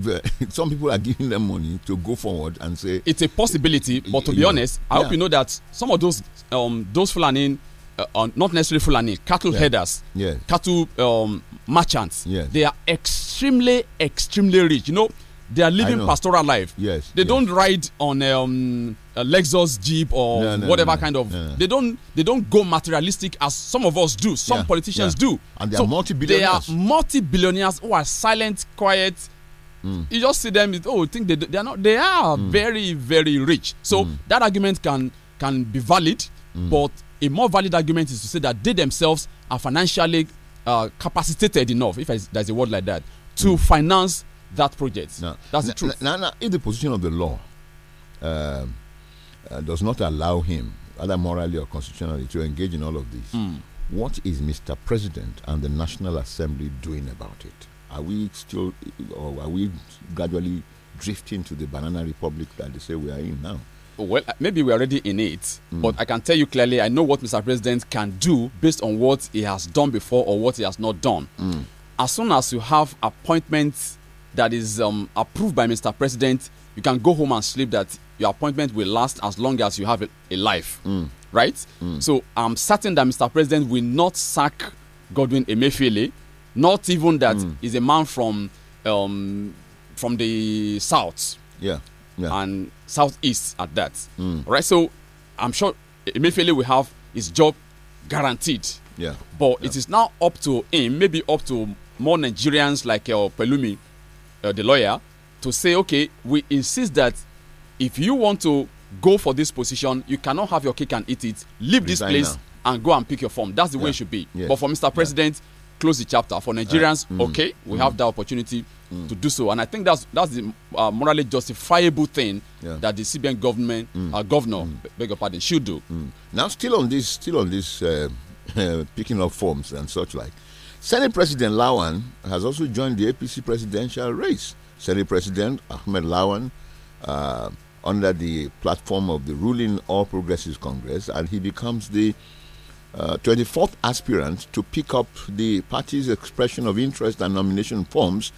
some people are giving them money to go forward and say it's a possibility. But to be know, honest, I yeah. hope you know that some of those um, those Fulani, uh, uh, not necessarily Fulani, cattle yeah. herders, yeah. cattle um, merchants, yes. they are extremely extremely rich. You know, they are living pastoral life. Yes, they yes. don't ride on um, a Lexus Jeep or no, no, whatever no, kind of. They don't they don't go materialistic as some of us do. Some yeah. politicians do. And they so are multi billionaires. They are multi billionaires who are silent, quiet Mm. You just see them. Oh, think they they are not. They are mm. very very rich. So mm. that argument can can be valid, mm. but a more valid argument is to say that they themselves are financially uh, capacitated enough, if there's a word like that, to mm. finance that project. Now, That's the truth. Now, now, if the position of the law uh, uh, does not allow him, either morally or constitutionally, to engage in all of this, mm. what is Mr. President and the National Assembly doing about it? Are we still, or are we gradually drifting to the banana republic that they say we are in now? Well, maybe we're already in it, mm. but I can tell you clearly, I know what Mr. President can do based on what he has done before or what he has not done. Mm. As soon as you have appointments that is um, approved by Mr. President, you can go home and sleep that your appointment will last as long as you have a, a life. Mm. Right? Hmm. So I'm certain that Mr. President will not sack Godwin Emefiele not even that mm. he's a man from um, from the south. Yeah. Yeah. And southeast at that. Mm. Right. So I'm sure immediately we have his job guaranteed. Yeah. But yeah. it is now up to him, maybe up to more Nigerians like uh, Pelumi, uh, the lawyer, to say, okay, we insist that if you want to go for this position, you cannot have your cake and eat it. Leave Resign this place now. and go and pick your form. That's the yeah. way it should be. Yes. But for Mr. President, close the chapter for Nigerians. Eh. mm, okay, we mm, have the opportunity mm. to do so, and I think that's that's the uh, morally justifiable thing yeah. that the CBN government, mm. uh, governor, mm. beg your pardon, should do. Mm. Now, still on this, still on this, uh, picking up forms and such like. Senate President Lawan has also joined the APC presidential race. Senate President Ahmed Lawan uh, under the platform of the ruling All Progressives Congress, and he becomes the 24th uh, aspirant to pick up the party's expression of interest and nomination forms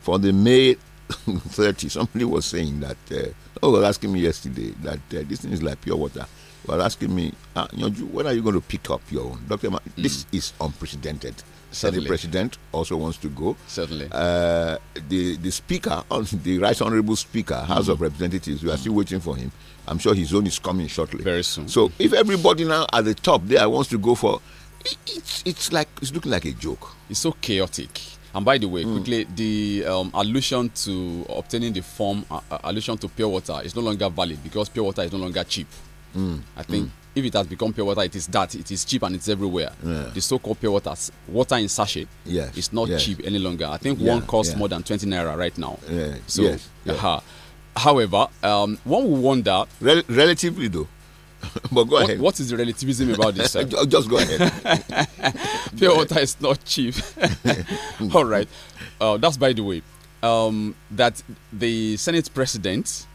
for the May 30. Somebody was saying that, uh, oh, was asking me yesterday that uh, this thing is like pure water. Was asking me, ah, you know, when are you going to pick up your own? Dr. Ma, mm. this is unprecedented. Certainly. The president also wants to go. Certainly. Uh, the, the speaker, the right honorable speaker, House mm. of Representatives, we are mm. still waiting for him I'm sure his own is coming shortly. Very soon. So if everybody now at the top there wants to go for, it's it's like it's looking like a joke. It's so chaotic. And by the way, mm. quickly, the um, allusion to obtaining the form, uh, allusion to pure water is no longer valid because pure water is no longer cheap. Mm. I think mm. if it has become pure water, it is that it is cheap and it's everywhere. Yeah. The so-called pure water, water in sachet, yes. is not yes. cheap any longer. I think yeah. one costs yeah. more than twenty naira right now. Yeah. So, yes. Uh -huh. However, um, one would wonder. Rel relatively, though. but go what, ahead. What is the relativism about this? Just go ahead. Pure water is not cheap. All right. Uh, that's by the way. Um, that the Senate president,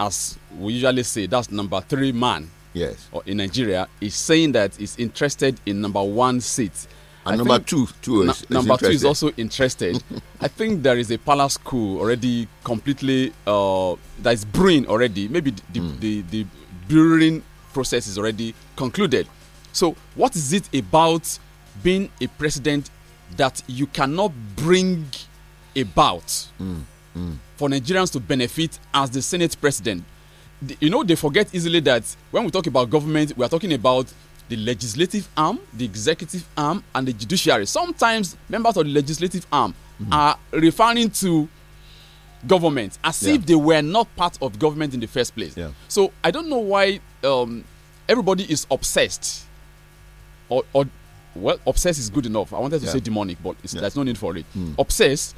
as we usually say, that's number three man. Yes. Or in Nigeria, is saying that he's interested in number one seat and I number two, two is, is number two is also interested. I think there is a palace school already completely uh, that is brewing already. Maybe the, mm. the, the brewing process is already concluded. So, what is it about being a president that you cannot bring about mm. Mm. for Nigerians to benefit as the Senate president? The, you know, they forget easily that when we talk about government, we are talking about the legislative arm, the executive arm, and the judiciary. Sometimes members of the legislative arm mm. are referring to government as yeah. if they were not part of government in the first place. Yeah. So I don't know why um, everybody is obsessed or, or well, obsessed is good enough. I wanted to yeah. say demonic, but there's no need for it. Mm. Obsessed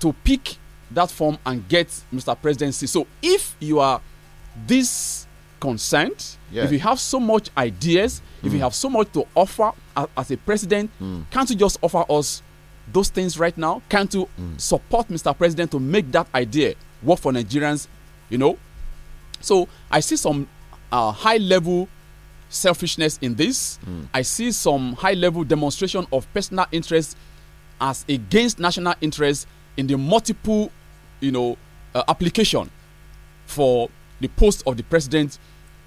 to pick that form and get Mr. Presidency. So if you are this consent, if you have so much ideas, mm. if you mm. have so much to offer as, as a president, mm. can't you just offer us those things right now? Can't you mm. support Mr. President to make that idea work for Nigerians? You know? So I see some uh, high level selfishness in this. Mm. I see some high level demonstration of personal interest as against national interest in the multiple, you know, uh, application for the post of the president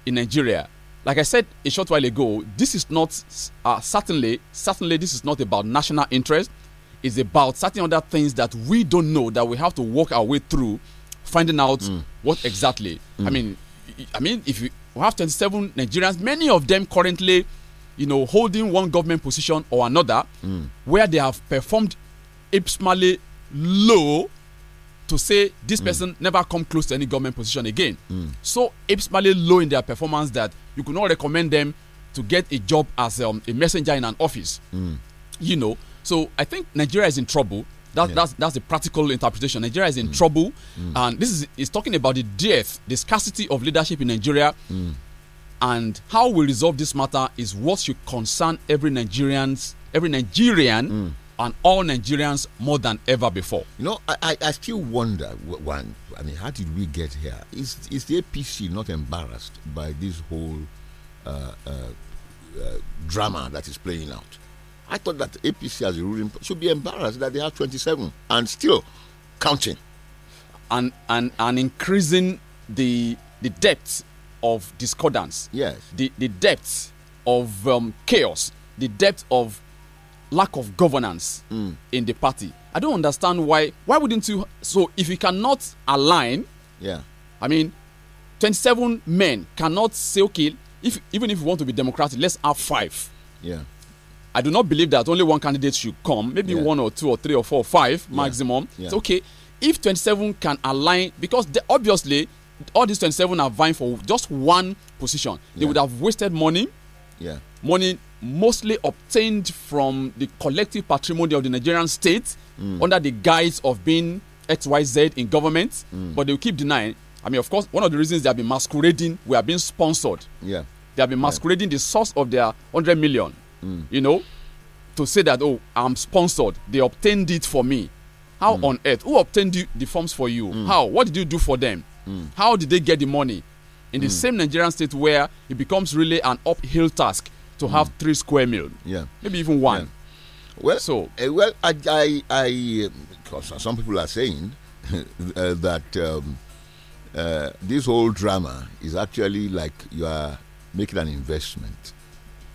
in Nigeria. Like I said a short while ago, this is not uh, certainly certainly this is not about national interest. It's about certain other things that we don't know that we have to work our way through, finding out mm. what exactly. Mm. I mean, I mean, if you have 27 Nigerians, many of them currently, you know, holding one government position or another, mm. where they have performed abysmally low to say this mm. person never come close to any government position again. Mm. So abysmally low in their performance that you could not recommend them to get a job as um, a messenger in an office. Mm. You know, so I think Nigeria is in trouble. That, yeah. That's that's the practical interpretation. Nigeria is in mm. trouble, mm. and this is is talking about the dearth, the scarcity of leadership in Nigeria, and how we resolve this matter is what should concern every Nigerians, every Nigerian and all Nigerians more than ever before. You know, I, I still wonder, I mean, how did we get here? Is, is the APC not embarrassed by this whole uh, uh, uh, drama that is playing out? I thought that APC as a ruling should be embarrassed that they have 27 and still counting. And, and, and increasing the, the depth of discordance. Yes. The, the depth of um, chaos. The depth of lack of governance mm. in the party. I don't understand why. Why wouldn't you? So if you cannot align, yeah, I mean, 27 men cannot say okay. If even if you want to be democratic, let's have five. Yeah. I do not believe that only one candidate should come. Maybe yeah. one or two or three or four or five maximum. Yeah. It's okay. If 27 can align, because they, obviously all these 27 are vying for just one position, they would have wasted money. Yeah. Money mostly obtained from the collective patrimony of the Nigerian state mm. under the guise of being XYZ in government, mm. but they will keep denying. I mean, of course, one of the reasons they have been masquerading, we have been sponsored. Yeah. They have been masquerading yeah. the source of their 100 million, mm. you know, to say that, oh, I'm sponsored. They obtained it for me. How mm. on earth? Who obtained the, the forms for you? Mm. How? What did you do for them? Mm. How did they get the money? In the same Nigerian state where it becomes really an uphill task to have mm. three square meal. Yeah. Maybe even one. Well, so uh, well, I, I, because some people are saying uh, that um, uh, this whole drama is actually like you are making an investment.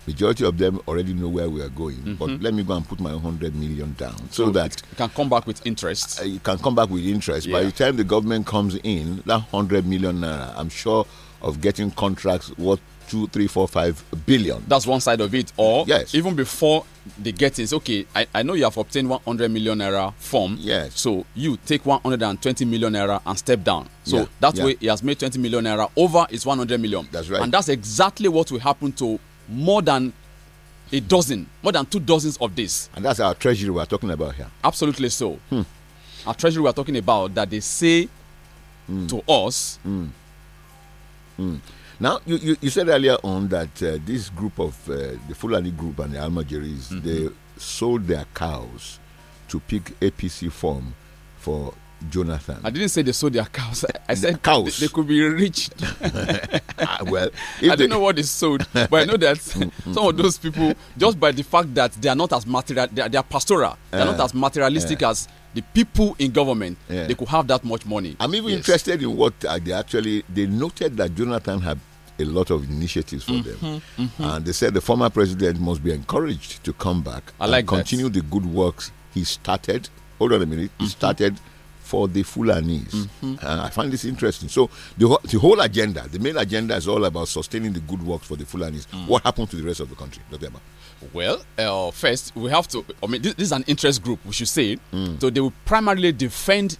Majority of them already know where we are going, mm -hmm. but mm-hmm. let me go and put my hundred million down so, so that you can come back with interest. You can come back with interest. Yeah. By the time the government comes in, that hundred million naira, I'm sure of getting contracts worth two, three, four, five billion. That's one side of it. Or yes. even before they get it, okay, I, I know you have obtained 100 million naira from. Yes. So you take 120 million naira and step down. So yeah. that yeah. way he has made 20 million naira over his 100 million. That's right. And that's exactly what will happen to more than a dozen, more than two dozens of this. And that's our treasury we're talking about here. Absolutely so. Hmm. Our treasury we're talking about that they say mm. to us. Mm. Mm now, you, you, you, said earlier on that uh, this group of uh, the Fulani group and the Almajiris, mm -hmm. they sold their cows to pick APC form for Jonathan. I didn't say they sold their cows. I said cows. They, they could be rich. Ah, well, I don't know what they sold, but I know that some of those people, just by the fact that they are not as material, they are, they are pastoral, they are uh, not as materialistic uh, as the people in government. Yeah. They could have that much money. I'm even yes. interested in what uh, they actually they noted that Jonathan had a lot of initiatives for mm -hmm, them. Mm -hmm. And they said the former president must be encouraged to come back I and continue that. the good works he started. Hold on a minute. He mm-hmm. started for the Fulanis. Mm -hmm. I find this interesting. So the, the whole agenda, the main agenda is all about sustaining the good works for the Fulanis. Mm. What happened to the rest of the country, Dr. Well, uh, first, we have to, I mean, this, this is an interest group, we should say. Mm. So they will primarily defend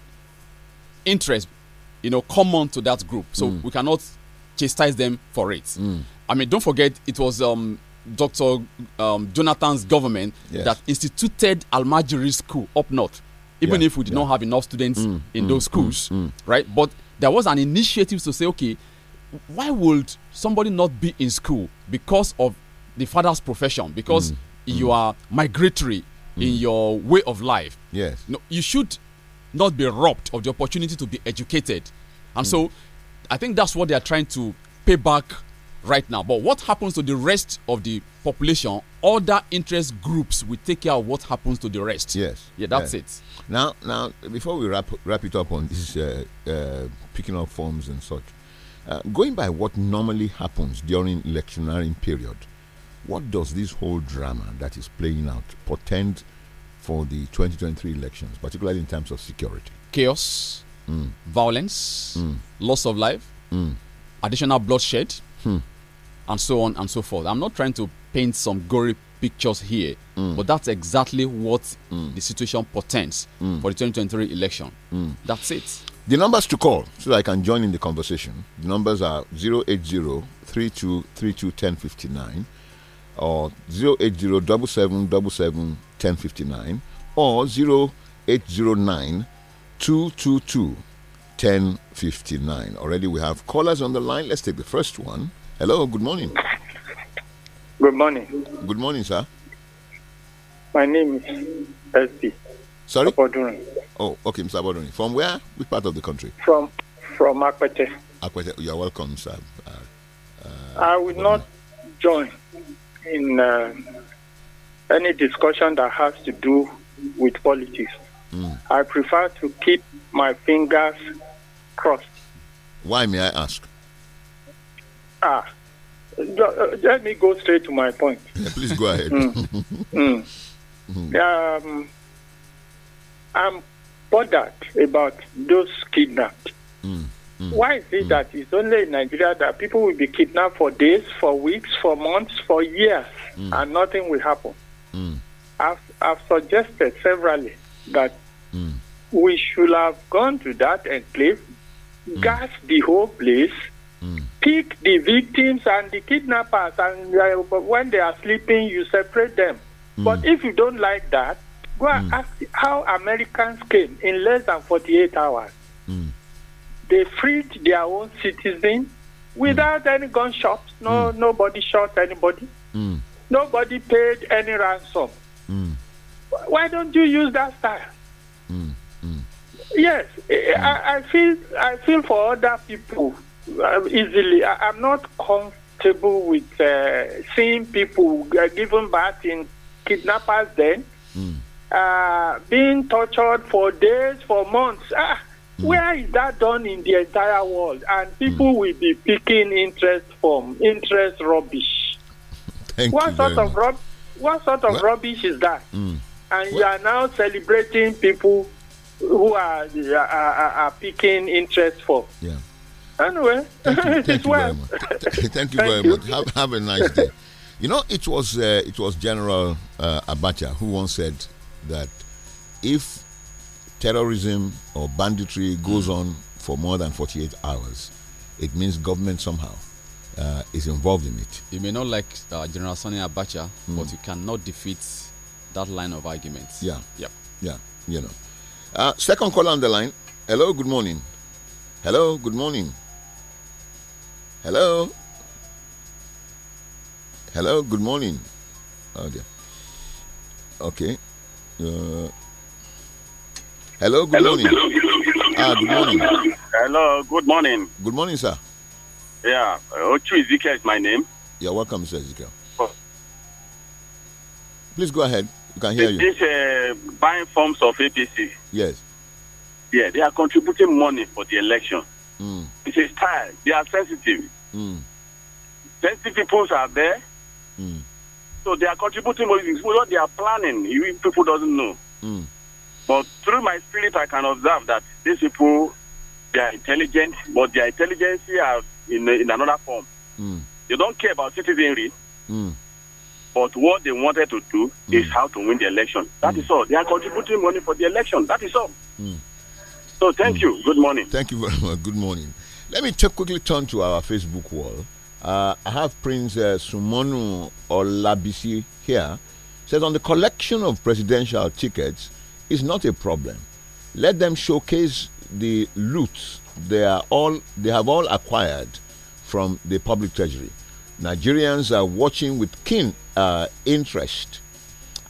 interest, you know, common to that group. So mm. we cannot chastise them for it. Mm. I mean, don't forget, it was um, Dr. Um, Jonathan's government yes. that instituted Almajiri School up north, even yeah, if we did yeah. not have enough students mm, in mm, those mm. schools, mm, right? But there was an initiative to say, okay, why would somebody not be in school because of the father's profession? Because mm. Mm. you are migratory in your way of life. Yes. No, you should not be robbed of the opportunity to be educated. And so I think that's what they are trying to pay back right now. But what happens to the rest of the population? Other interest groups will take care of what happens to the rest. Yes. Yeah, that's it. Now, now, before we wrap wrap it up on this uh, uh, picking up forms and such, uh, going by what normally happens during electioneering period, what does this whole drama that is playing out portend for the 2023 elections, particularly in terms of security? Chaos violence, hmm. loss of life, hmm. additional bloodshed, hmm. and so on and so forth. I'm not trying to paint some gory pictures here, but that's exactly what the situation portends for the 2023 election. That's it. The numbers to call so I can join in the conversation. The numbers are 080 or 080 or 0809 222 1059. Already we have callers on the line. Let's take the first one. Hello, good morning. Good morning. Good morning, sir. My name is Elsie. Sorry? Aboduni. Oh, okay, Mr. Aboduni. From where? Which part of the country? From from Akwete. Akwete, you are welcome, sir. Uh, uh, I will uh, not join in uh, any discussion that has to do with politics. Mm. I prefer to keep my fingers crossed. Why, may I ask? Ah, uh, let me go straight to my point. Yeah, please go ahead. mm. Mm. mm. Um, I'm bothered about those kidnapped. Mm, mm. Why is it that it's only in Nigeria that people will be kidnapped for days, for weeks, for months, for years, and nothing will happen? I've, I've suggested severally that mm. we should have gone to that enclave, mm. gas the whole place, mm. pick the victims and the kidnappers, and uh, when they are sleeping, you separate them. Hmm. But if you don't like that, go and hmm. ask how Americans came in less than 48 hours. Hmm. They freed their own citizens without any gunshots. No, nobody shot anybody. Nobody paid any ransom. Why don't you use that style? Mm, mm. Yes, mm. I, I, feel I feel for other people um, easily. I, am not comfortable with uh, seeing people uh, given birth in kidnappers. Then mm. uh, being tortured for days, for months. Ah, mm. where is that done in the entire world? And people mm. will be picking interest from interest rubbish. Thank what sort of rub- What sort of what? rubbish is that? Mm and you are now celebrating people who are are, are, picking interest for. Yeah. Anyway, thank you, thank you very much. thank you very much. Have, have a nice day. You know, it was uh, it was General uh, Abacha who once said that if terrorism or banditry goes mm. on for more than 48 hours, it means government somehow uh, is involved in it. You may not like uh, General Sonny Abacha, mm. but you cannot defeat that line of arguments. Yeah. Yep. Yeah. You know. Uh, second call on the line. Hello. Good morning. Hello. Good morning. Hello. Hello. Good morning. Oh dear. Okay. Uh, hello. Good hello, morning. Hello, ah. Good morning. Hello. Good morning. Good morning, sir. Yeah. Uh, Ochu Ezekiel is my name. You're welcome, Mr. Ezekiel. Oh. Please go ahead can hear this, you. uh, buying forms of APC. Yes. Yeah, they are contributing money for the election. Mm. It is time. They are sensitive. Mm. Sensitive people are there. Mm. So they are contributing money. What they are planning, people doesn't know. Mm. But through my spirit, I can observe that these people, they are intelligent, but their intelligence are in, in another form. Mm. They don't care about citizenry. Mm. But what they wanted to do mm. is how to win the election. That mm. is hmm. all. They are contributing money for the election. That is all. Mm. So thank hmm. you. Good morning. Thank you very much. Good morning. Let me quickly turn to our Facebook wall. Uh, I have Prince uh, Sumonu Olabisi here. Says on the collection of presidential tickets is not a problem. Let them showcase the loot they are all they have all acquired from the public treasury. Nigerians are watching with keen uh, interest.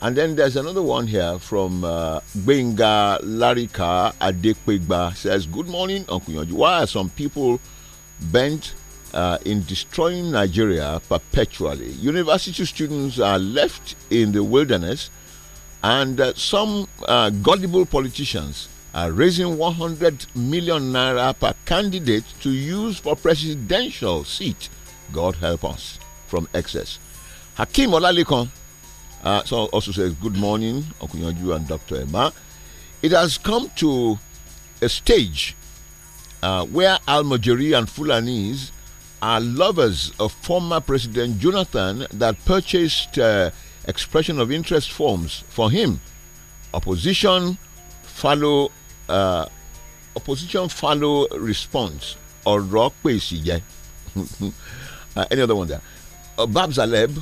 And then there's another one here from uh, Benga Larika Adekpegba says, Good morning, Uncle Yonji. Why are some people bent uh, in destroying Nigeria perpetually? University students are left in the wilderness, and uh, some uh, gullible politicians are raising 100 million naira per candidate to use for presidential seat God help us from excess. Hakim Olalekan uh, so also says, Good morning, Okunyanju and Dr. Emma. It has come to a stage uh, where Almajiri and Fulanese are lovers of former President Jonathan that purchased uh, expression of interest forms for him. Opposition follow uh, opposition follow response or rock Uh, any other one there? Uh, Bab Zaleb,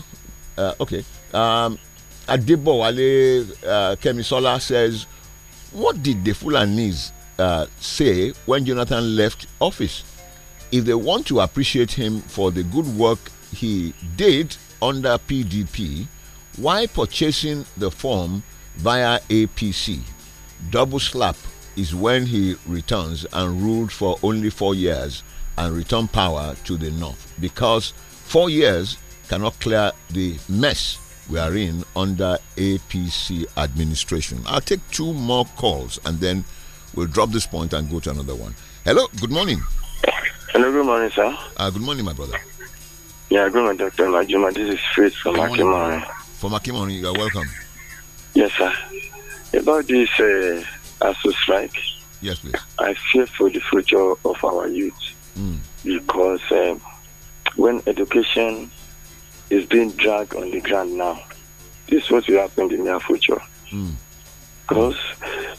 uh, okay. Um, Adebowale uh, Kemisola says, What did the Fulanese uh, say when Jonathan left office? If they want to appreciate him for the good work he did under PDP, why purchasing the form via APC? Double slap is when he returns and ruled for only four years and return power to the north because four years cannot clear the mess we are in under APC administration. I'll take two more calls and then we'll drop this point and go to another one. Hello, good morning. Hello, good morning, sir. Uh, good morning, my brother. Yeah, good morning, Dr. Majuma. This is Fritz from Akimori. From Akimori, you're welcome. Yes, sir. About this uh, ASU strike. Yes, please. I fear for the future of our youth mm. because um, when education is being dragged on the ground now, this is what will happen in the near future. Mm. Because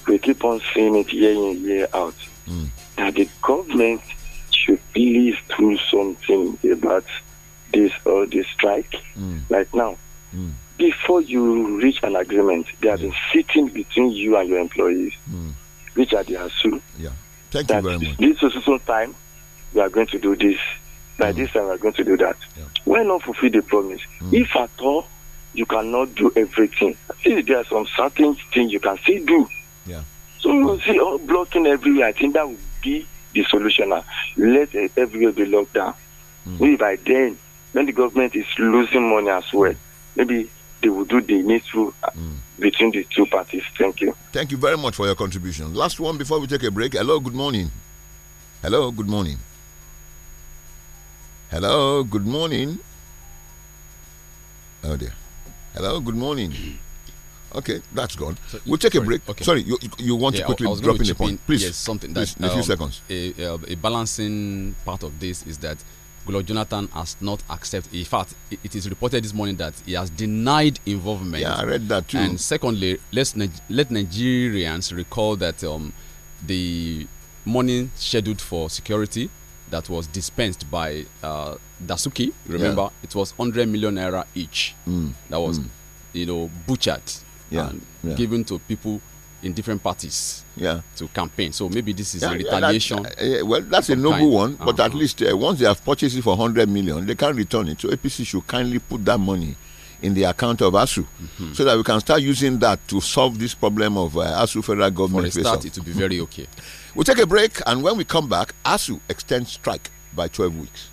we keep on seeing it year in year out mm. that the government should please do something about this or this strike mm. right now. Mm. Before you reach an agreement, they have been sitting between you and your employees, hmm. which are the ASU. Yeah. Thank that you very much. This is also time we are going to do this. By mm. this time, we are going to do that. Yeah. Why not fulfill the promise? Mm. If at all, you cannot do everything. If there are some certain things you can still do. Yeah. So you see all blocking everywhere. I think that would be the solution. Now. Let everywhere be locked down. Mm. Maybe by then, when the government is losing money as well, maybe they will do the needful uh, mm. between the two parties. Thank you. Thank you very much for your contribution. Last one before we take a break. Hello, good morning. Hello, good morning. Hello, good morning. Oh dear. Hello, good morning. Okay, that's gone. So we'll take sorry, a break. Okay. Sorry, you you want yeah, to quickly drop in a point, please? Yes, something. That, please, um, in a few um, seconds. A, um, a, balancing part of this is that Goodluck Jonathan has not accepted. In fact, it is reported this morning that he has denied involvement. Yeah, I read that too. And secondly, let's let Nigerians recall that um, the morning scheduled for security that was dispensed by uh, Dasuki. Remember, yeah. it was 100 million naira each mm. that was, mm. you know, butchered yeah. and yeah. given to people in different parties yeah. to campaign. So maybe this is a retaliation. That, uh, well, that's a noble kind. one, but uh-huh. uh -huh. at least once they have purchased it for 100 million, they can not return it. So APC should kindly put that money in the account of ASU mm -hmm. so that we can start using that to solve this problem of uh, ASU federal government. For a start, it will be very okay. We'll take a break, and when we come back, ASU extends strike by 12 weeks.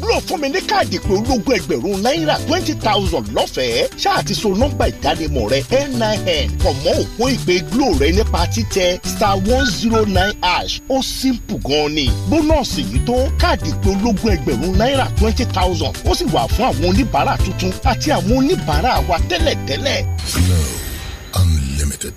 Glo fún mi ní káàdì pé ológun ẹgbẹ̀rún náírà twenty thousand lọ́fẹ̀ẹ́ ṣáà ti so nọ́mbà ìdánimọ̀ rẹ NIN pọ̀ mọ́ òpó ìpè Glo rẹ nípa títẹ star one zero nine hash ó simple gan ni bónọ́ọ̀sì yìí tó káàdì pé ológun ẹgbẹ̀rún náírà twenty thousand ó sì wà fún àwọn oníbàárà tuntun àti àwọn oníbàárà wa tẹ́lẹ̀tẹ́lẹ̀. Glo Unlimited.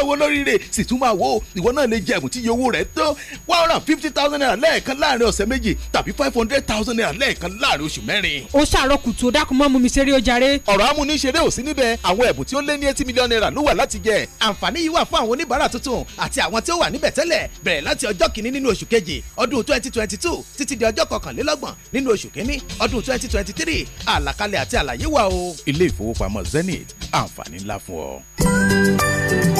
máa wo lóríire sì tún máa wo ìwọ náà lè jẹ ẹ̀bùn tí iye owó rẹ̀ tó one hundred fifty thousand naira lẹ́ẹ̀kan láàrin ọ̀sẹ̀ méjì tàbí five hundred thousand naira lẹ́ẹ̀kan láàrin oṣù mẹ́rin. ó ṣàárọ̀ kùtù ó dákun mọ́ mú mi ṣeré ó jàre. ọ̀rọ̀ amúniṣeré ò sí níbẹ̀ àwọn ẹ̀bùn tí ó lé ní eighty million naira ló wà láti jẹ. àǹfààní yìí wà fún àwọn oníbàárà tuntun àti àwọn tí ó wà níbẹ̀ tẹ́lẹ̀ bẹ̀rẹ̀ láti ọjọ́ kìíní nínú oṣù kejì ọdún twenty twenty two títí di ọjọ́ kọkànlélọ́gbọ̀n nínú oṣù kìíní ọdún twenty twenty three àlàkalẹ̀ àti àlàyé wà o. ilé ìfowópamọ́ zenith àǹfààní ńlá fún ọ.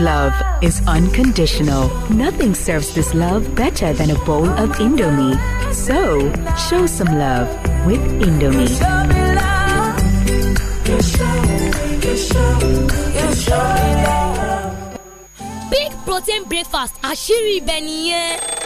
love is unconditional. Nothing serves this love better than a bowl of Indomie. So, show some love with Indomie. Big protein breakfast, Ashiri ibẹ̀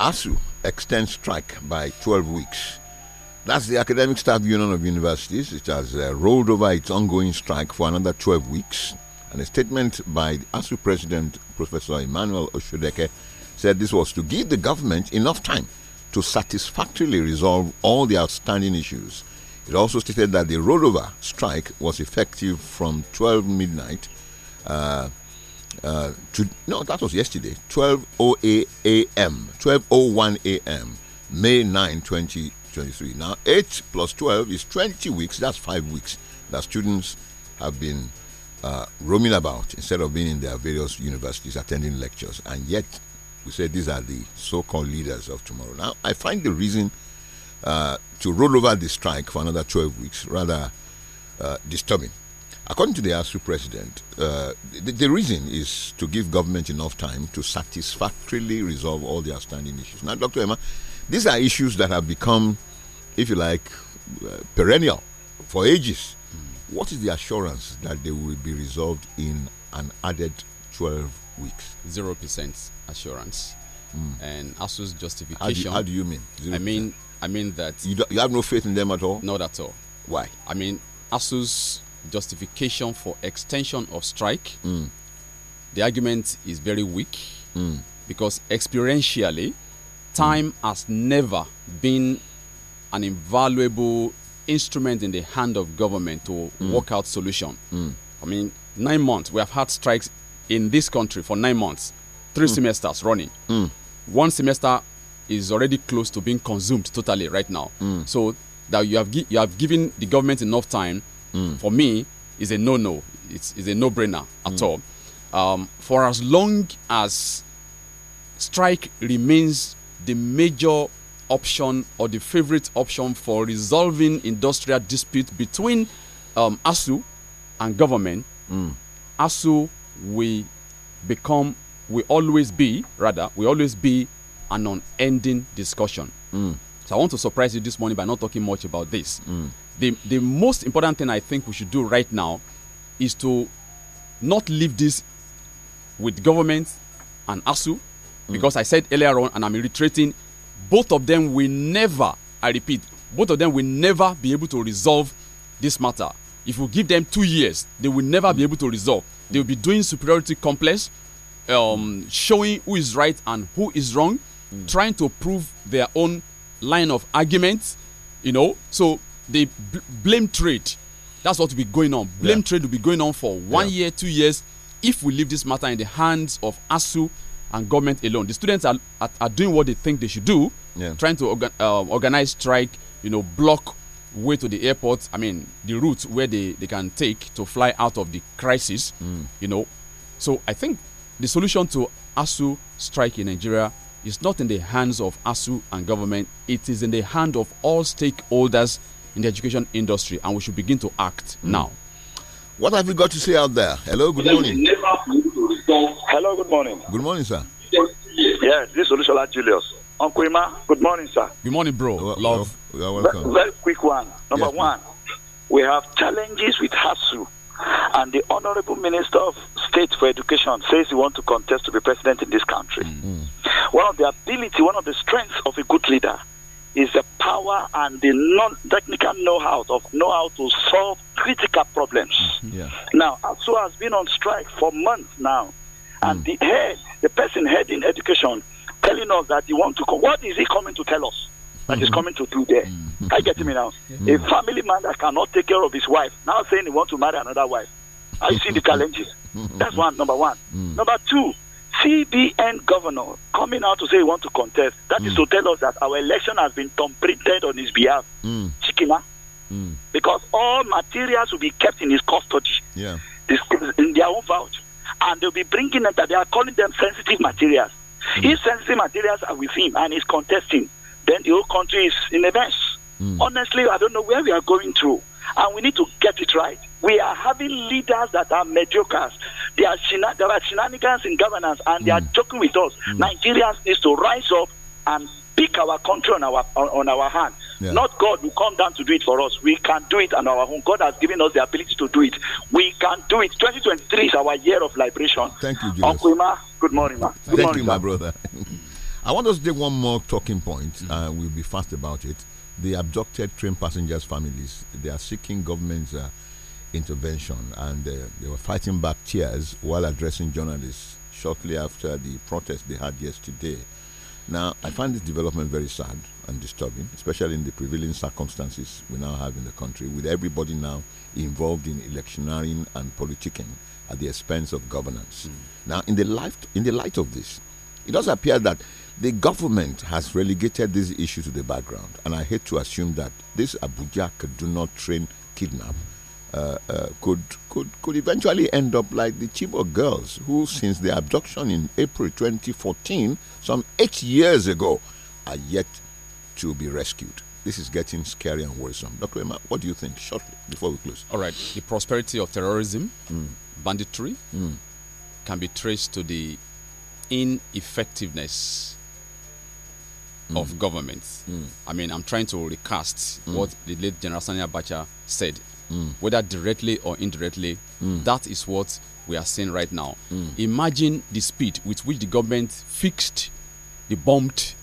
ASU extends strike by 12 weeks. That's the Academic Staff Union of Universities. It has uh, rolled over its ongoing strike for another 12 weeks. And a statement by ASU President Professor Emmanuel Oshodeke said this was to give the government enough time to satisfactorily resolve all the outstanding issues. It also stated that the rollover strike was effective from 12 midnight. Uh, uh, to, no, that was yesterday, 12.08 a.m., 12.01 a.m., May 9, 2023. Now, 8 plus 12 is 20 weeks, that's five weeks that students have been uh, roaming about instead of being in their various universities attending lectures. And yet, we say these are the so called leaders of tomorrow. Now, I find the reason uh, to roll over the strike for another 12 weeks rather uh, disturbing According to the ASU president, uh, the, the, reason is to give government enough time to satisfactorily resolve all the outstanding issues. Now, Dr. Emma, these are issues that have become, if you like, uh, perennial for ages. Mm. What is the assurance that they will be resolved in an added 12 weeks? 0% assurance. Mm. And ASU's justification. How do, you, how do you mean? 0 I mean, I mean that you, you have no faith in them at all. Not at all. Why? I mean, ASUS justification for extension of strike, mm. the argument is very weak mm. because experientially, time mm. has never been an invaluable instrument in the hand of government to mm. work out solution. Mm. I mean, nine months we have had strikes in this country for nine months, three semesters running. One semester is already close to being consumed totally right now. So that you have you have given the government enough time mm. for me is a no no. It's, it's a no brainer at mm. all. Um, for as long as strike remains the major option or the favorite option for resolving industrial dispute between um, ASU and government, mm. ASU will become, will always be, rather, will always be an unending discussion. Mm. So I want to surprise you this morning by not talking much about this. Mm the, the most important thing I think we should do right now is to not leave this with government and ASU, mm. because I said earlier on, and I'm reiterating, both of them will never, I repeat, both of them will never be able to resolve this matter. If we give them two years, they will never mm. be able to resolve. They will be doing superiority complex, um, showing who is right and who is wrong, mm. trying to prove their own line of argument, you know. So they bl blame trade that's what will be going on blame yeah. trade will be going on for one yeah. year two years if we leave this matter in the hands of asu and government alone the students are, are, are doing what they think they should do yeah. trying to orga um, organize strike you know block way to the airport i mean the route where they, they can take to fly out of the crisis mm. you know so i think the solution to asu strike in nigeria is not in the hands of asu and government it is in the hand of all stakeholders in the education industry, and we should begin to act mm. now. What have you got to say out there? Hello, good morning. Hello, good morning. Good morning, sir. Yes, this is Julius. Uncle Ima, good morning, sir. Good morning, bro. Well, Love. You are welcome. Very, very quick one. Number yes, one, we have challenges with HASU. And the Honorable Minister of State for Education says he wants to contest to be president in this country. Mm -hmm. One of the ability, one of the strengths of a good leader is the power and the non-technical know-how of know-how to solve critical problems. Mm-hmm. Yeah. Now, ASU has been on strike for months now, and mm. the head, the person head in education, telling us that he wants to come. What is he coming to tell us that mm -hmm. he's mm-hmm. coming to do there? Mm I get him now. Mm-hmm. A family man that cannot take care of his wife now saying he wants to marry another wife. I see the challenges. That's one. Number one. Mm. Number two. CBN governor coming out to say he wants to contest. That mm. is to tell us that our election has been completed on his behalf. Mm. Chikima. Mm. Because all materials will be kept in his custody. Yeah. In their own vouch. And they'll be bringing them that they are calling them sensitive materials. Mm. If sensitive materials are with him and he's contesting, then the whole country is in a mess. Mm. Honestly, I don't know where we are going through and we need to get it right. We are having leaders that are mediocres. They are shena- there are shenanigans in governance, and mm. they are mm. joking with us. Mm. Nigerians needs to rise up and pick our country on our on, on our hand. Yeah. Not God will come down to do it for us. We can do it on our own. God has given us the ability to do it. We can do it. 2023 is our year of liberation. Thank you, Julius. Uncle Ima, good morning, ma. Good Thank morning, you, my brother. I want us to take one more talking point. Uh, we'll be fast about it the abducted train passengers' families. They are seeking government's uh, intervention, and uh, they were fighting back tears while addressing journalists shortly after the protest they had yesterday. Now, I find this development very sad and disturbing, especially in the prevailing circumstances we now have in the country, with everybody now involved in electioneering and politicking at the expense of governance. Mm. Now, in the light in the light of this, it does appear that the government has relegated this issue to the background, and I hate to assume that this Abuja not train kidnap uh, uh, could could could eventually end up like the Chibok girls, who since their abduction in April 2014, some eight years ago, are yet to be rescued. This is getting scary and worrisome. Dr. Emma, what do you think? Shortly before we close. All right, the prosperity of terrorism, mm. banditry, mm. can be traced to the ineffectiveness mm. of governments. Mm. I mean, I'm trying to recast what the late General Sani Abacha said, whether directly or indirectly. That is what we are seeing right now. Imagine the speed with which the government fixed the bombed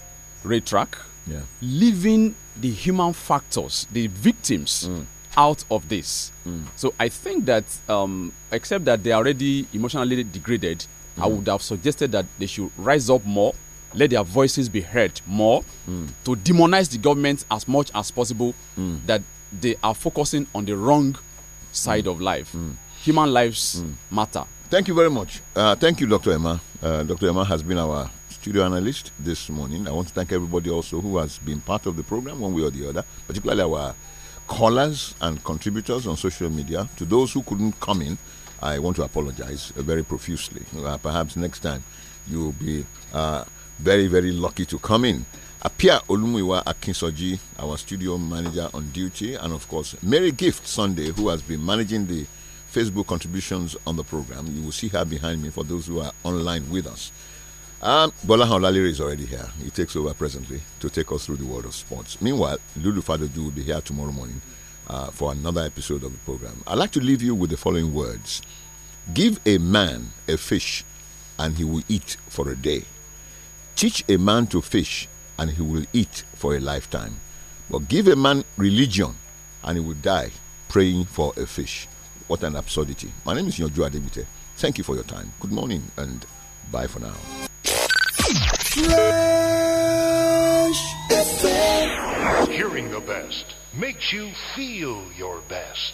rail track, yeah. leaving the human factors, the victims out of this. Mm. So I think that, um, except that they are already emotionally degraded, mm. I would have suggested that they should rise up more let their voices be heard more mm. to demonize the government as much as possible mm. that they are focusing on the wrong side mm. of life human lives matter thank you very much uh, thank you dr emma uh, dr emma has been our studio analyst this morning i want to thank everybody also who has been part of the program one way or the other particularly our callers and contributors on social media to those who couldn't come in i want to apologize very profusely uh, perhaps next time you'll be uh, very, very lucky to come in. Apia Olumuiwa Akinsoji, our studio manager on duty, and of course, Mary Gift Sunday, who has been managing the Facebook contributions on the program. You will see her behind me for those who are online with us. Um, Bola Holaliri is already here. He takes over presently to take us through the world of sports. Meanwhile, Lulu Fadoju will be here tomorrow morning uh, for another episode of the program. I'd like to leave you with the following words Give a man a fish, and he will eat for a day. Teach a man to fish, and he will eat for a lifetime. But give a man religion, and he will die praying for a fish. What an absurdity. My name is Yonju Adebite. Thank you for your time. Good morning, and bye for now. Hearing the best makes you feel your best.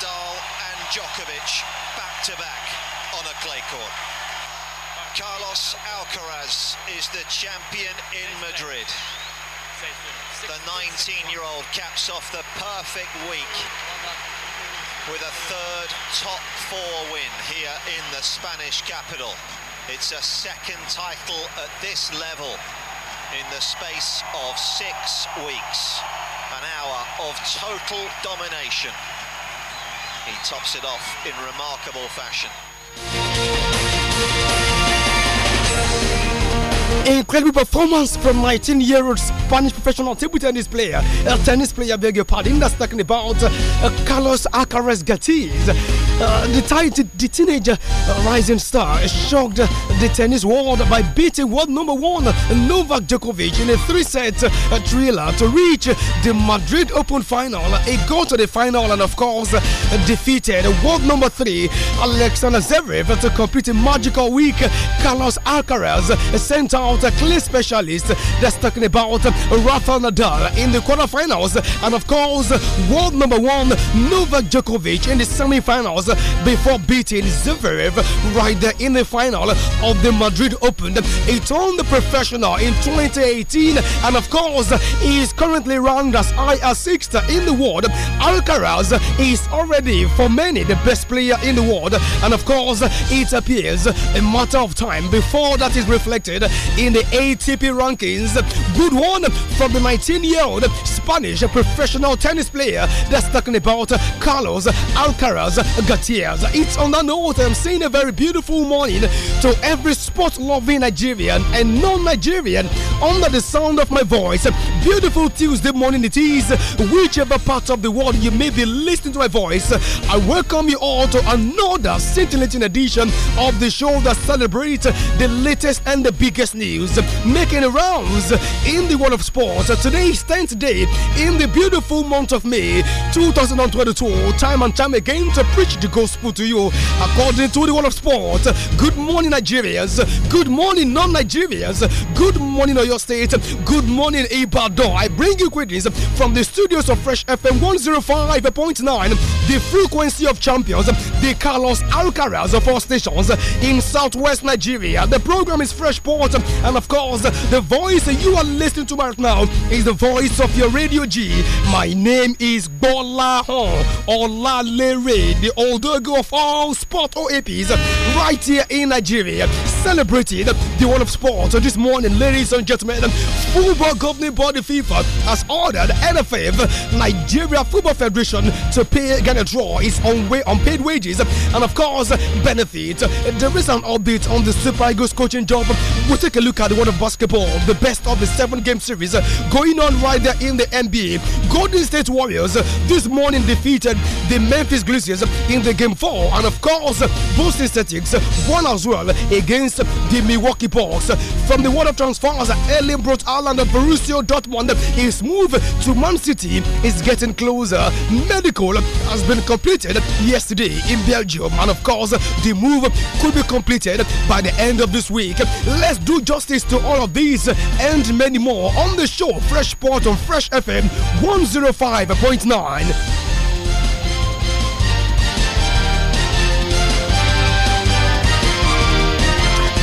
Nadal and Djokovic back to back on a clay court. Carlos Alcaraz is the champion in Madrid. The 19-year-old caps off the perfect week with a third top four win here in the Spanish capital. It's a second title at this level in the space of six weeks. An hour of total domination. He tops it off in remarkable fashion. Incredible performance from 19-year-old Spanish professional table tennis player, a tennis player, beg your pardon, that's talking about uh, Carlos Acares Gatiz. Uh, the, tit- the teenager uh, rising star shocked uh, the tennis world by beating world number one Novak Djokovic in a three-set thriller to reach the Madrid Open final. He got to the final and, of course, defeated world number three Alexander Zverev to complete a magical week. Carlos Alcaraz sent out a clear specialist that's talking about Rafael Nadal in the quarterfinals and, of course, world number one Novak Djokovic in the semifinals before beating Zverev right there in the final of the Madrid Open. He turned professional in 2018 and of course he is currently ranked as high as sixth in the world. Alcaraz is already for many the best player in the world and of course it appears a matter of time before that is reflected in the ATP rankings. Good one from the 19-year-old Spanish professional tennis player that's talking about Carlos Alcaraz tears. It's on that note, I'm saying a very beautiful morning to every sport loving Nigerian and non Nigerian under the sound of my voice. Beautiful Tuesday morning it is, whichever part of the world you may be listening to my voice. I welcome you all to another scintillating edition of the show that celebrates the latest and the biggest news making rounds in the world of sports. Today is 10th day in the beautiful month of May 2022. Time and time again to preach the the gospel to you according to the world of sport. Good morning, Nigerians. Good morning, non Nigerians. Good morning, Oyo State. Good morning, Ibadan. I bring you greetings from the studios of Fresh FM 105.9, the frequency of champions, the Carlos Alcaraz of all stations in southwest Nigeria. The program is Fresh Port, and of course, the voice you are listening to right now is the voice of your Radio G. My name is Bola Hon Olalere, the old Odogwu of all sport OAPs right here in Nigeria. celebrated the world of sports this morning, ladies and gentlemen. Football governing body FIFA has ordered NFF, Nigeria Football Federation, to pay Ghana Draw its own way unpaid wages and, of course, benefit. There is an update on the Super Eagles coaching job. We'll take a look at the world of basketball, the best of the seven game series going on right there in the NBA. Golden State Warriors this morning defeated the Memphis Grizzlies in in the game four. And of course, Boost Celtics won as well against the Milwaukee Bucks. From the world of transfers, Erling brought Island of Borussia Dortmund, his move to Man City is getting closer. Medical has been completed yesterday in Belgium. And of course, the move could be completed by the end of this week. Let's do justice to all of these and many more on the show Fresh Port on Fresh FM 105.9.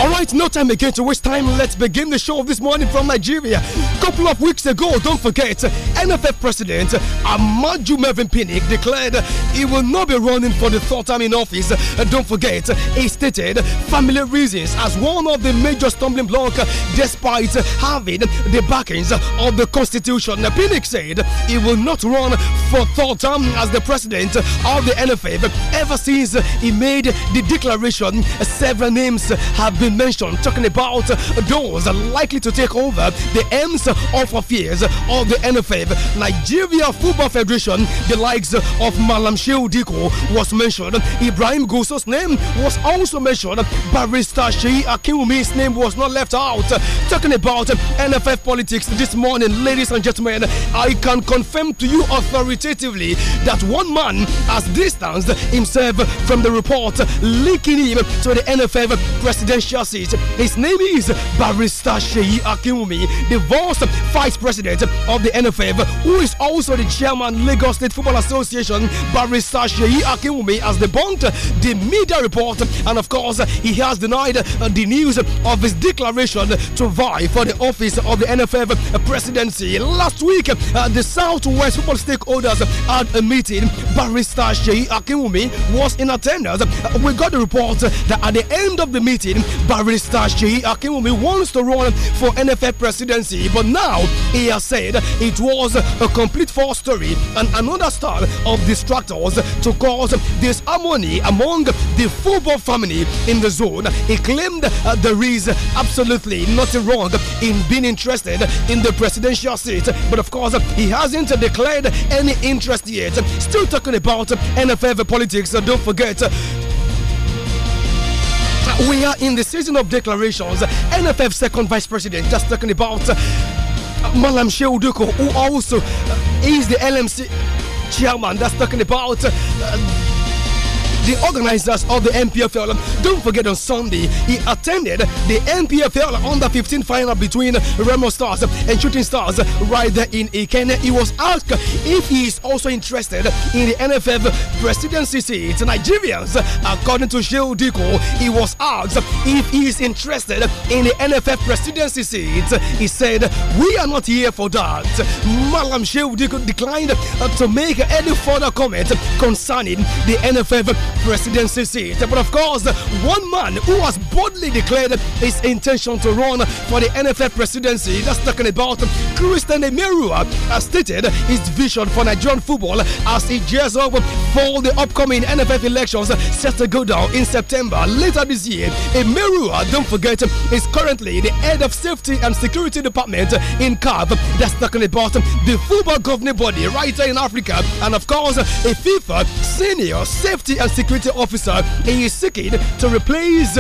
All right, no time again to waste time. Let's begin the show of this morning from Nigeria. Couple of weeks ago, don't forget, NFF President Amaju Mervin Pinnick declared he will not be running for the third time in office. Don't forget, he stated family reasons as one of the major stumbling block despite having the backings of the constitution. Pinnick said he will not run for third time as the president of the NFF ever since he made the declaration. Several names have been been mentioned talking about uh, those likely to take over the aims of affairs of the NFF, Nigeria Football Federation. The likes of Malam Shehu Diko was mentioned. Ibrahim Gusso's name was also mentioned. Barrister Shi Akiwumi's name was not left out. Talking about NFF politics this morning, ladies and gentlemen, I can confirm to you authoritatively that one man has distanced himself from the report linking him to the NFF presidential his name is Barista Sheyi Akinwumi, the vice vice president of the NFF, who is also the chairman Lagos State Football Association. Barista Sheyi Akinwumi has debunked the media report, and of course, he has denied uh, the news of his declaration to vie for the office of the NFF presidency. Last week, uh, the Southwest football stakeholders had a meeting. Barista Sheyi Akinwumi was in attendance. We got the report that at the end of the meeting, Barista Sheyi Akiwumi wants to run for NFL presidency, but now he has said it was a complete false story and another star of distractors to cause disharmony among the football family in the zone. He claimed uh, there is absolutely nothing wrong in being interested in the presidential seat, but of course, he hasn't declared any interest yet. Still talking about NFL politics, uh, don't forget we are in the season of declarations. NFF second vice president just talking about uh, Malam Sheuduko, who also uh, is the LMC chairman. That's talking about uh, the organizers of the MPFL. Don't forget on Sunday, he attended the MPFL under 15 final between Remo Stars and Shooting Stars right there in Ikene. He was asked if he is also interested in the NFF presidency seat. Nigerians, according to Sheo Diko, he was asked if he is interested in the NFF presidency seat. He said, We are not here for that. Malam Sheo Diko declined to make any further comment concerning the NFF presidency seat. But of course, one man who has boldly declared his intention to run for the NFL presidency, that's talking about Christian Emerua, has stated his vision for Nigerian football as he gears up for the upcoming NFL elections set to go down in September later this year. Emerua, don't forget, is currently the head of safety and security department in CAV. That's talking about the football governing body right here in Africa. And of course, a FIFA senior safety and security Security Officer, seeking to replace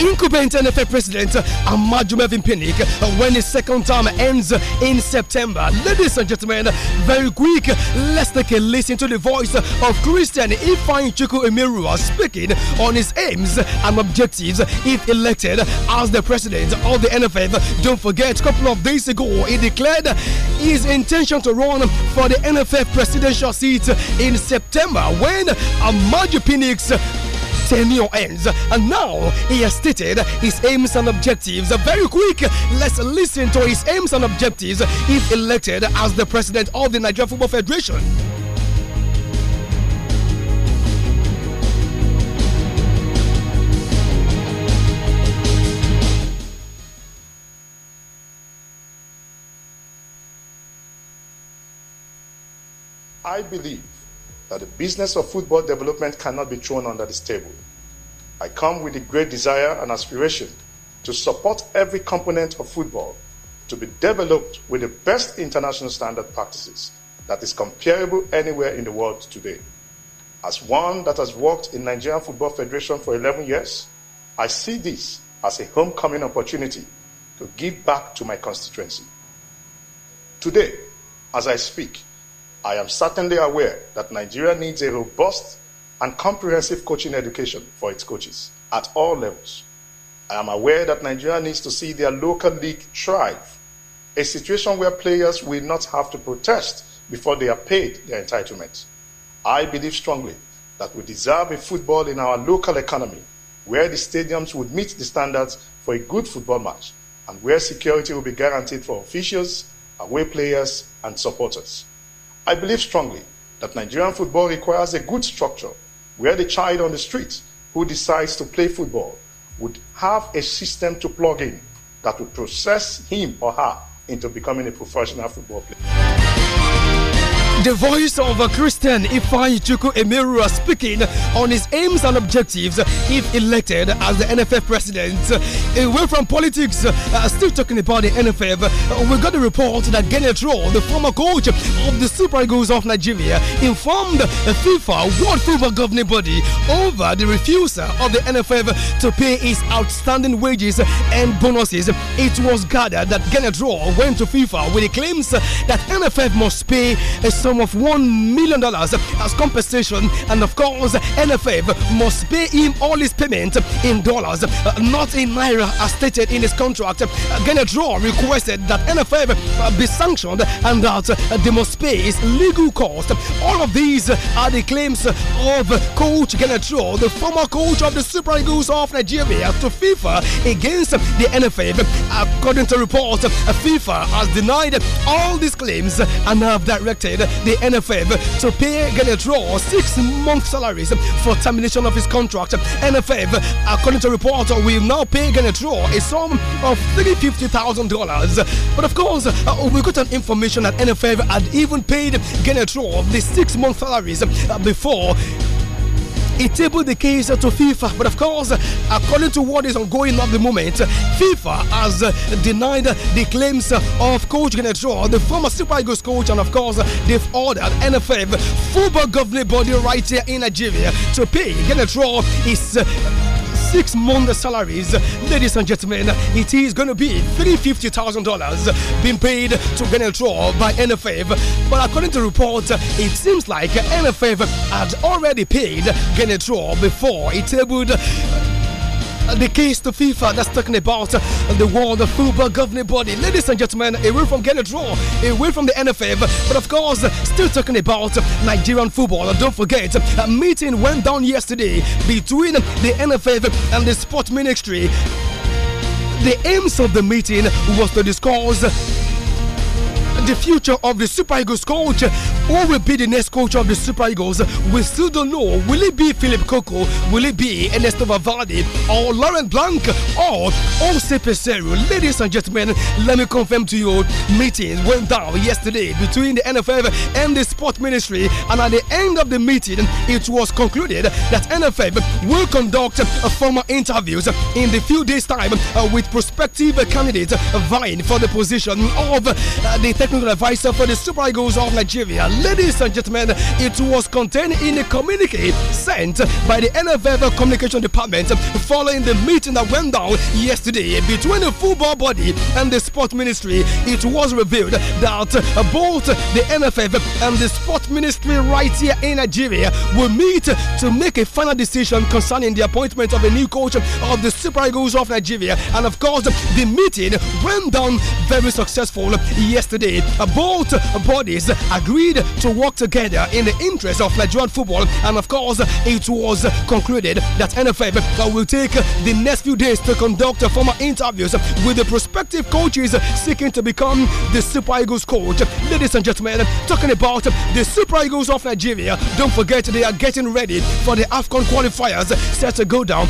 incumbent NFA president Amaju Mevin Pinnick when his second term ends in September. Ladies and gentlemen, very quick, let's take a listen to the voice of Christian Ifeanyi Chiku Emirua speaking on his aims and objectives if elected as the president of the NFF. Don't forget, a couple of days ago, he declared his intention to run for the NFF presidential seat in September when Amaju Pinnick's 10 year ends. And now he has stated his aims and objectives. Very quick, let's listen to his aims and objectives if elected as the president of the Nigeria Football Federation. I believe that the business of football development cannot be thrown under this table. I come with a great desire and aspiration to support every component of football to be developed with the best international standard practices that is comparable anywhere in the world today. As one that has worked in Nigerian Football Federation for 11 years, I see this as a homecoming opportunity to give back to my constituency. Today, as I speak, I am certainly aware that Nigeria needs a robust and comprehensive coaching education for its coaches at all levels. I am aware that Nigeria needs to see their local league thrive, a situation where players will not have to protest before they are paid their entitlement. I believe strongly that we deserve a football in our local economy where the stadiums would meet the standards for a good football match and where security will be guaranteed for officials, away players, and supporters. I believe strongly that Nigerian football requires a good structure where the child on the street who decides to play football would have a system to plug in that would process him or her into becoming a professional football player. The voice of a Christian Chuku Emiru speaking on his aims and objectives if elected as the NFF president. Away from politics, uh, still talking about the NFF, uh, we got a report that Genetro, the former coach of the Super Eagles of Nigeria, informed FIFA, World Football Governing Body, over the refusal of the NFF to pay its outstanding wages and bonuses. It was gathered that Genetro went to FIFA with the claims that NFF must pay a sum of $1 million as compensation. And of course, NFF must pay him all his payment in dollars, uh, not in naira, as stated in his contract. Genedro requested that NFF uh, be sanctioned and that uh, they must pay his legal cost. All of these are the claims of Coach Genetro, the former coach of the Super Eagles of Nigeria, to FIFA against the NFF. According to reports, FIFA has denied all these claims and have directed the NFF to pay Gennaro six month salaries for termination of his contract. NFF, according to report, will now pay Gennaro a sum of $350,000. But of course, uh, we got an information that NFF had even paid Gennaro the six month salaries uh, before he tabled the case to FIFA, but of course, according to what is ongoing at the moment, FIFA has uh, denied the claims of Coach Kenneth the former Super Eagles coach, and of course, they've ordered NFF, football governing body right here in Nigeria, to pay Kenneth Shaw uh, six months' salaries. Ladies and gentlemen, it is going to be $350,000 being paid to Genetrol by NFF. But according to report, it seems like NFF had already paid Genetrol before it tabled the keys to FIFA. That's talking about uh, the world of football governing body. Ladies and gentlemen, away from getting a draw, away from the NFF, but of course, still talking about Nigerian football. Don't forget, a meeting went down yesterday between the NFF and the Sport Ministry. The aims of the meeting was to discuss the future of the Super Eagles coach who will be the next coach of the Super Eagles? We still don't know. Will it be Philip Coco? Will it be Ernesto Valverde or Laurent Blanc or Jose Pesero? Ladies and gentlemen, let me confirm to you, meeting went down yesterday between the NFF and the Sport Ministry, and at the end of the meeting, it was concluded that NFF will conduct formal interviews in the few days' time uh, with prospective candidates vying for the position of uh, the technical advisor for the Super Eagles of Nigeria. Ladies and gentlemen, it was contained in a communique sent by the NFF Communication Department following the meeting that went down yesterday between the football body and the sport ministry. It was revealed that both the NFF and the sport ministry right here in Nigeria will meet to make a final decision concerning the appointment of a new coach of the Super Eagles of Nigeria. And of course, the meeting went down very successful yesterday. Both bodies agreed to work together in the interest of Nigerian football. And of course, it was concluded that NFF will take the next few days to conduct formal interviews with the prospective coaches seeking to become the Super Eagles coach. Ladies and gentlemen, talking about the Super Eagles of Nigeria, don't forget they are getting ready for the AFCON qualifiers set to go down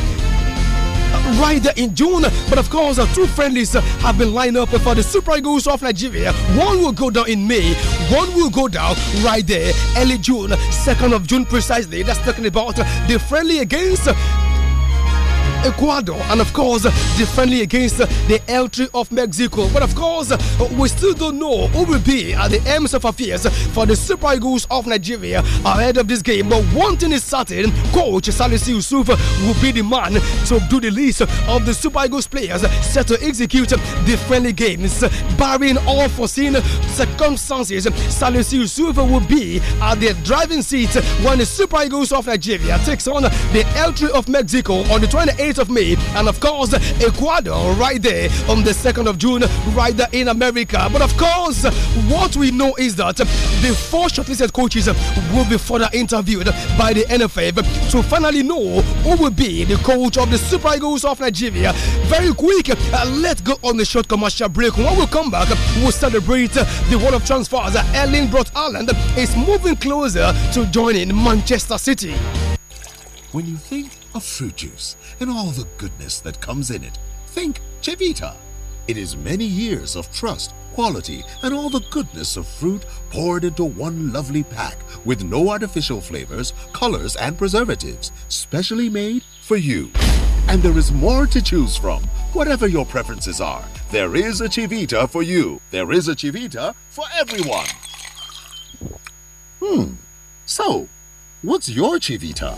right there in June. But of course, two friendlies have been lined up for the Super Eagles of Nigeria. One will go down in May, one will go down right there early June, 2nd of June precisely. That's talking about the friendly against Ecuador, and of course, defending against the El Tri of Mexico. But of course, we still don't know who will be at the ends of affairs for the Super Eagles of Nigeria ahead of this game. But one thing is certain coach Salisu Yusuf will be the man to do the least of the Super Eagles players set to execute the friendly games. Barring all foreseen circumstances, Salisu Yusuf will be at the driving seat when the Super Eagles of Nigeria takes on the El Tri of Mexico on the 28th 8th of May, and of course, Ecuador right there on the 2nd of June, right there in America. But of course, what we know is that the four shortlisted coaches will be further interviewed by the NFF to finally know who will be the coach of the Super Eagles of Nigeria. Very quick, uh, let's go on the short commercial break. When we come back, we'll celebrate the world of transfers. Erling Brot Ireland is moving closer to joining Manchester City. When you think of fruit juice and all the goodness that comes in it. Think Chivita. It is many years of trust, quality, and all the goodness of fruit poured into one lovely pack with no artificial flavors, colors, and preservatives, specially made for you. And there is more to choose from. Whatever your preferences are, there is a Chivita for you. There is a Chivita for everyone. Hmm. So, what's your Chivita?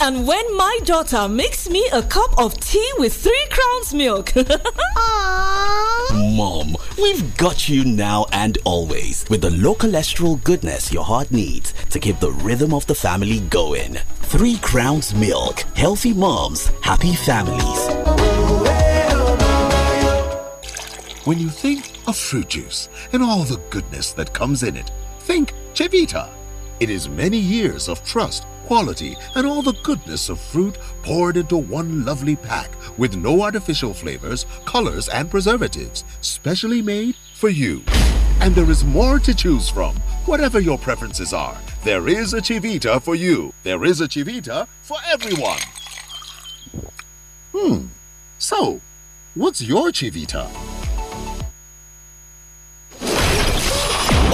and when my daughter makes me a cup of tea with three crowns milk. Mom, we've got you now and always with the low cholesterol goodness your heart needs to keep the rhythm of the family going. Three crowns milk. Healthy moms, happy families. When you think of fruit juice and all the goodness that comes in it, think Chivita. It is many years of trust quality, and all the goodness of fruit poured into one lovely pack with no artificial flavors, colors, and preservatives, specially made for you. And there is more to choose from. Whatever your preferences are, there is a Chivita for you. There is a Chivita for everyone. Hmm. So, what's your Chivita?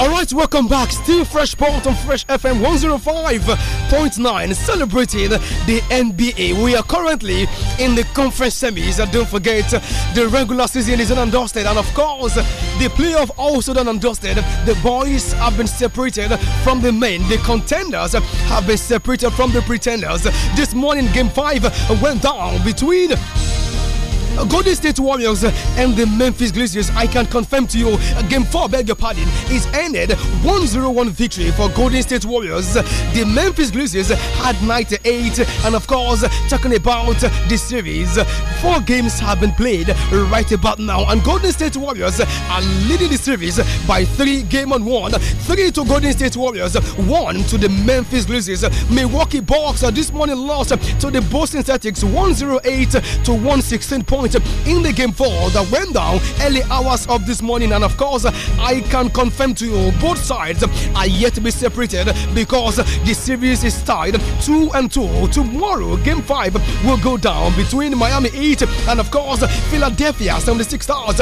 All right, welcome back. Still fresh port on Fresh FM 105.9, celebrating the NBA. We are currently in the conference semis. And don't forget, the regular season is undusted, and of course, the playoff also done undusted. The boys have been separated from the men. The contenders have been separated from the pretenders. This morning, game five went down between Golden State Warriors and the Memphis Grizzlies. I can confirm to you, game four, beg your pardon, is ended 1-0-1 victory for Golden State Warriors. The Memphis Grizzlies had 98, and of course, talking about the series, four games have been played right about now, and Golden State Warriors are leading the series by three game on one, three to Golden State Warriors, one to the Memphis Grizzlies. Milwaukee Bucks this morning lost to the Boston Celtics 108 to 116 points in the game four that went down early hours of this morning. And of course, I can confirm to you both sides are yet to be separated because the series is tied two and two. Tomorrow, game five will go down between Miami Heat and, of course, Philadelphia 76 Stars.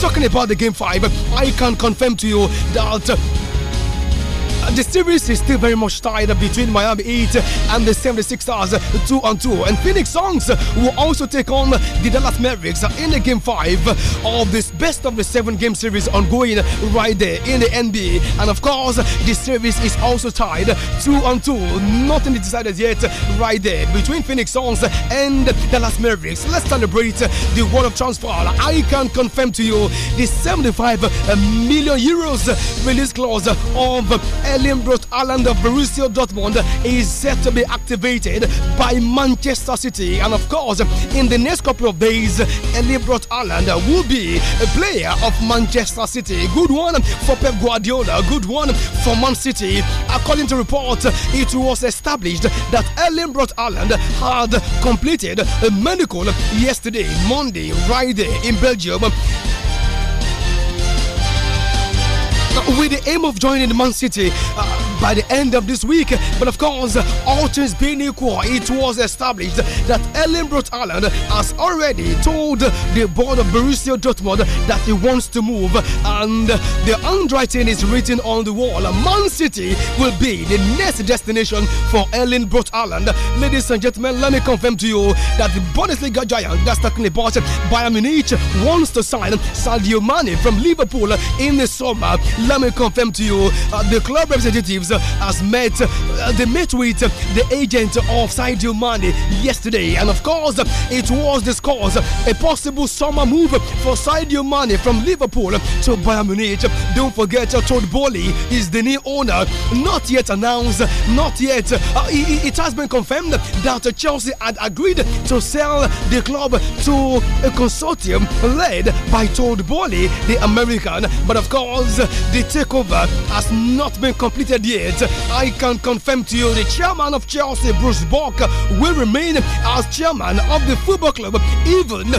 Talking about the game five, I can confirm to you that the series is still very much tied between Miami Heat and the 76ers 2 on 2. And Phoenix Suns will also take on the Dallas Mavericks in the game 5 of this best of the 7 game series ongoing right there in the NBA. And of course, the series is also tied 2 on 2. Nothing is decided yet right there between Phoenix Suns and Dallas Mavericks. Let's celebrate the world of transfer. I can confirm to you the 75 million euros release clause of Erling Broth Island of Borussia Dortmund is set to be activated by Manchester City. And of course, in the next couple of days, Erling Broth Island will be a player of Manchester City. Good one for Pep Guardiola, good one for Man City. According to report, it was established that Erling Broth Island had completed a medical yesterday, Monday, Friday in Belgium with the aim of joining Man City. Uh, by the end of this week. But of course, all things being equal, it was established that Ellen Brot Allen has already told the board of Borussia Dortmund that he wants to move, and the handwriting is written on the wall. Man City will be the next destination for Ellen Brot Allen. Ladies and gentlemen, let me confirm to you that the Bundesliga giant that's talking about Bayern Munich wants to sign Sadio Mane from Liverpool in the summer. Let me confirm to you uh, the club representatives as has met, uh, they met with the agent of Sadio Mane yesterday. And of course, it was discussed a possible summer move for Sadio Mane from Liverpool to Bayern Munich. Don't forget, Todd Boley is the new owner. Not yet announced, not yet. Uh, it, it, has been confirmed that Chelsea had agreed to sell the club to a consortium led by Todd Boley, the American. But of course, the takeover has not been completed yet. I can confirm to you the chairman of Chelsea, Bruce Bock, will remain as chairman of the football club even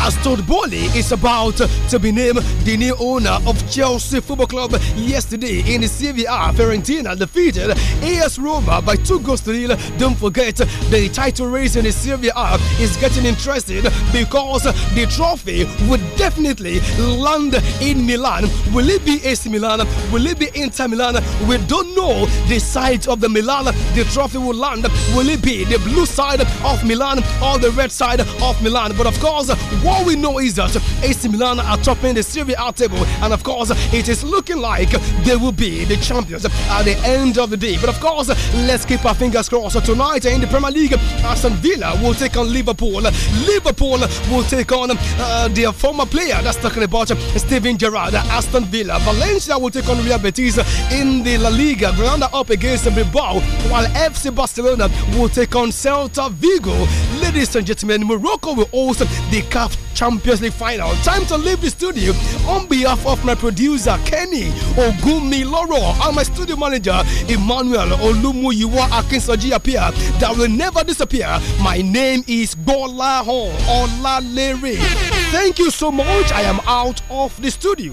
as Todd Bowley is about to be named the new owner of Chelsea Football Club yesterday in the CVR. Fiorentina defeated AS Roma by two goals to nil. Don't forget, the title race in the CVR is getting interesting because the trophy would definitely land in Milan. Will it be AC Milan? Will it be Inter Milan? We don't know the side of the Milan the trophy will land. Will it be the blue side of Milan or the red side of Milan? But of course, what we know is that AC Milan are topping the Serie A table, and of course, it is looking like they will be the champions at the end of the day. But of course, let's keep our fingers crossed. Tonight in the Premier League, Aston Villa will take on Liverpool. Liverpool will take on uh, their former player, that's talking about Steven Gerrard, Aston Villa. Valencia will take on Real Betis in the La Liga. Granada up against Bilbao, while FC Barcelona will take on Celta Vigo. Ladies and gentlemen, Morocco will host the CAF Champions League final. Time to leave the studio on behalf of my producer Kenny Ogumi Loro and my studio manager Emmanuel Olumuyiwa Akinsoji appear that will never disappear. My name is Gola Hon Olalere. Thank you so much. I am out of the studio.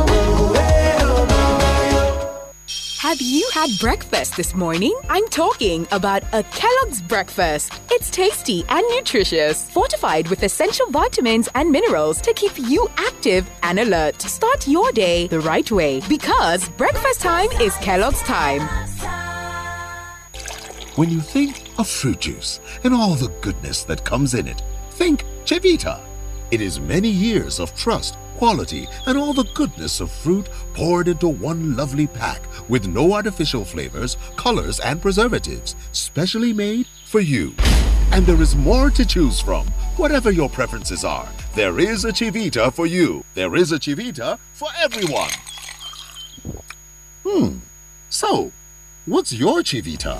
Have you had breakfast this morning? I'm talking about a Kellogg's breakfast. It's tasty and nutritious, fortified with essential vitamins and minerals to keep you active and alert. Start your day the right way because breakfast time is Kellogg's time. When you think of fruit juice and all the goodness that comes in it, think Chevita. It is many years of trust, quality, and all the goodness of fruit poured into one lovely pack with no artificial flavors, colors, and preservatives, specially made for you. And there is more to choose from. Whatever your preferences are, there is a Chivita for you. There is a Chivita for everyone. Hmm. So, what's your Chivita?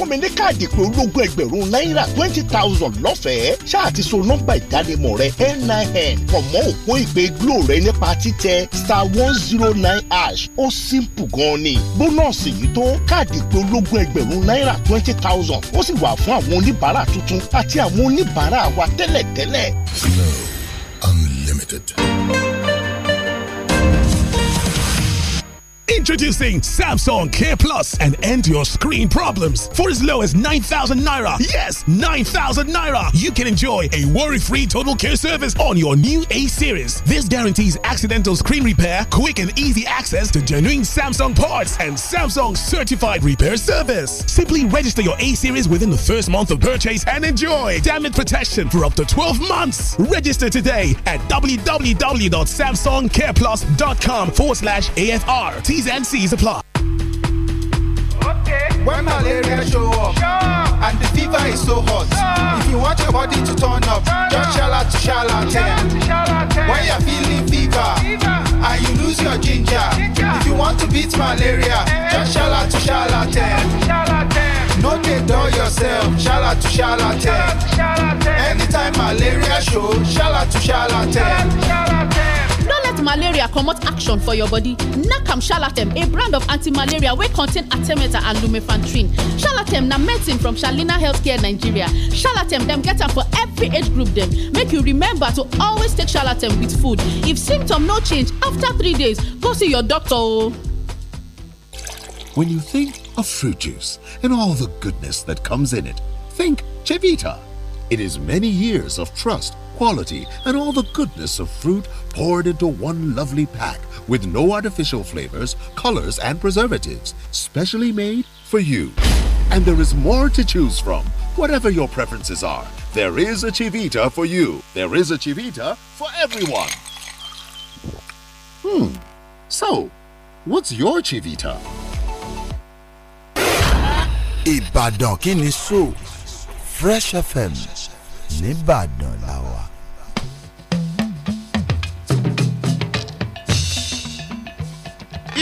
fún mi ní káàdì pé ológun ẹgbẹ̀rún náírà twenty thousand lọ́fẹ̀ẹ́ ṣáà so nọ́mbà ìdánimọ̀ rẹ nin pọ̀ mọ́ ìpè glo rẹ nípa títẹ star one zero nine hash ó simple gan ni bónọ́ọ̀sì yìí tó káàdì pé ológun ẹgbẹ̀rún náírà twenty thousand ó sì wà fún àwọn oníbàárà tuntun àti àwọn oníbàárà wa tẹ́lẹ̀tẹ́lẹ̀. Glo Unlimited. Introducing Samsung Care Plus and end your screen problems. For as low as 9,000 naira, yes, 9,000 naira, you can enjoy a worry free total care service on your new A series. This guarantees accidental screen repair, quick and easy access to genuine Samsung parts, and Samsung certified repair service. Simply register your A series within the first month of purchase and enjoy damage protection for up to 12 months. Register today at www.samsungcareplus.com forward slash AFR. T's and C's apply. Okay. When malaria show up sure. and the fever is so hot, sure. if you want your body to turn up, turn just shala to shala When you're feeling fever, fever, and you lose your ginger, ginger. if you want to beat malaria, hey. just shala to shala No they do yourself, shala to shala Anytime malaria show, shala to shala malaria comot action for your body nakam shalatem a brand of anti-malaria wey contain artemata and lumefantrine shalatem na medicine from Charlina healthcare nigeria shalatem dem get am for every age group dem make you remember to always take shalatem with food if symptom no change after three days go see your doctor o. Oh. when you think of fruit juice and all the goodness that comes in it think chevita it is many years of trust quality, and all the goodness of fruit poured into one lovely pack with no artificial flavors, colors, and preservatives, specially made for you. And there is more to choose from. Whatever your preferences are, there is a Chivita for you. There is a Chivita for everyone. Hmm. So, what's your Chivita? Ibadan Kini Fresh FM. Nìbàdàn làwà.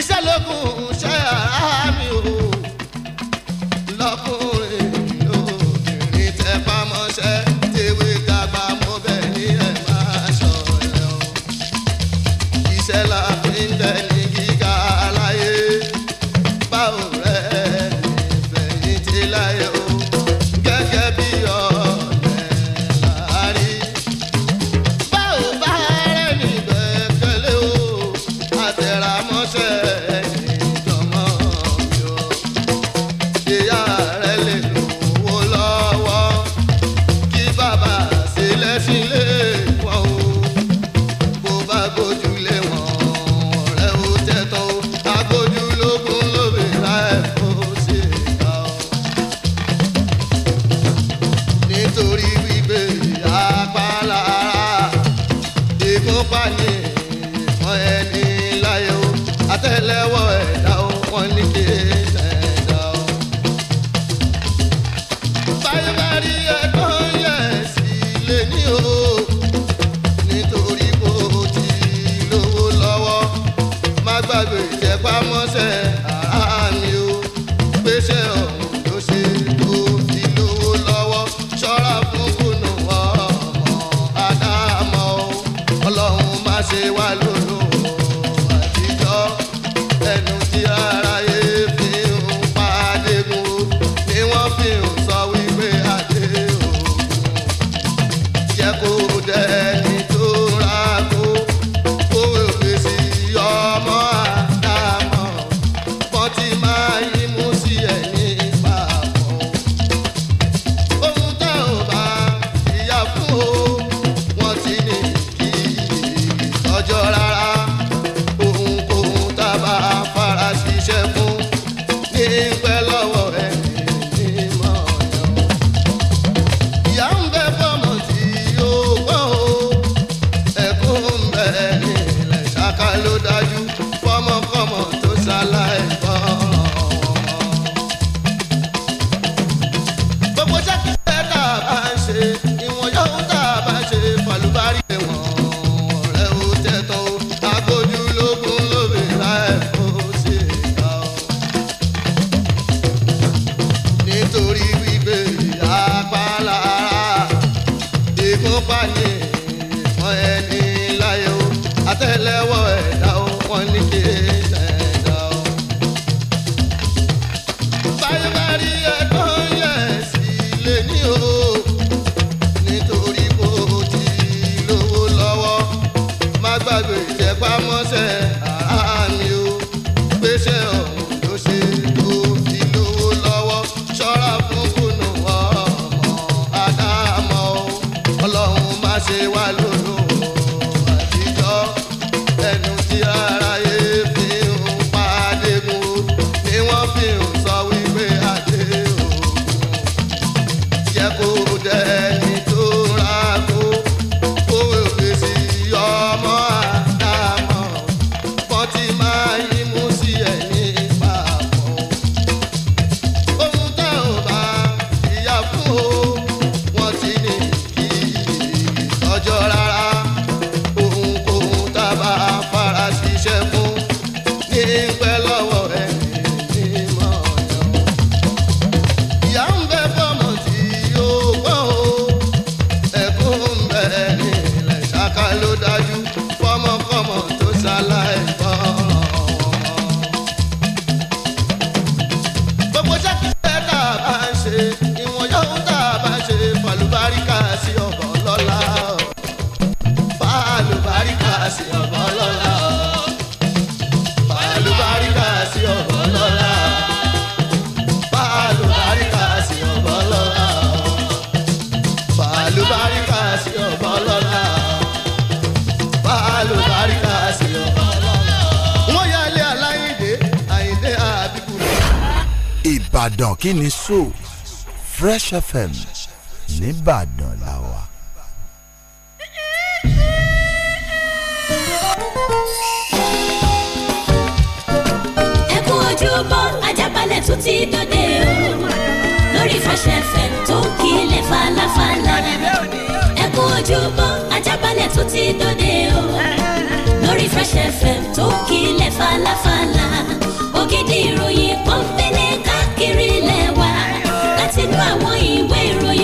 iṣẹ́ lókun ṣẹ́ ara mi lọ́kùn. ìbàdàn kí ni so fresh fm nìbàdàn la wà. ẹ kú ojúbọ ajábalẹ̀ tún ti dòde o lórí fresh fm tó ń kílẹ̀ falafala ẹ kú ojúbọ ajábalẹ̀ tún ti dòde o lórí fresh fm tó ń kílẹ̀ falafala ògidì ìròyìn pọ́npọ́n.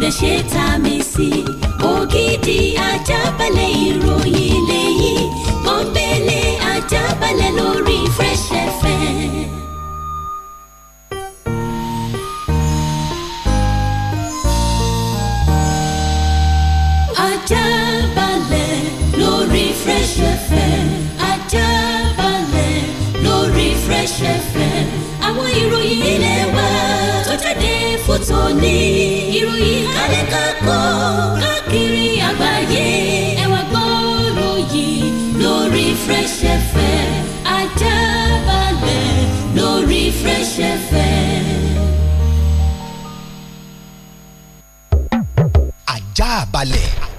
dẹ̀ ṣe tá a mi sí. ògidì ajábalẹ̀ ìròyìn lẹ́yìn pọ́npẹ́lẹ́ ajábalẹ̀ lórí Fresh FM. ajábalẹ̀ lórí Fresh ajábalẹ̀ lórí Fresh FM. àwọn ìròyìn ilé wa tó jáde fún tòní ìròyìn fẹ́. ajá balẹ̀.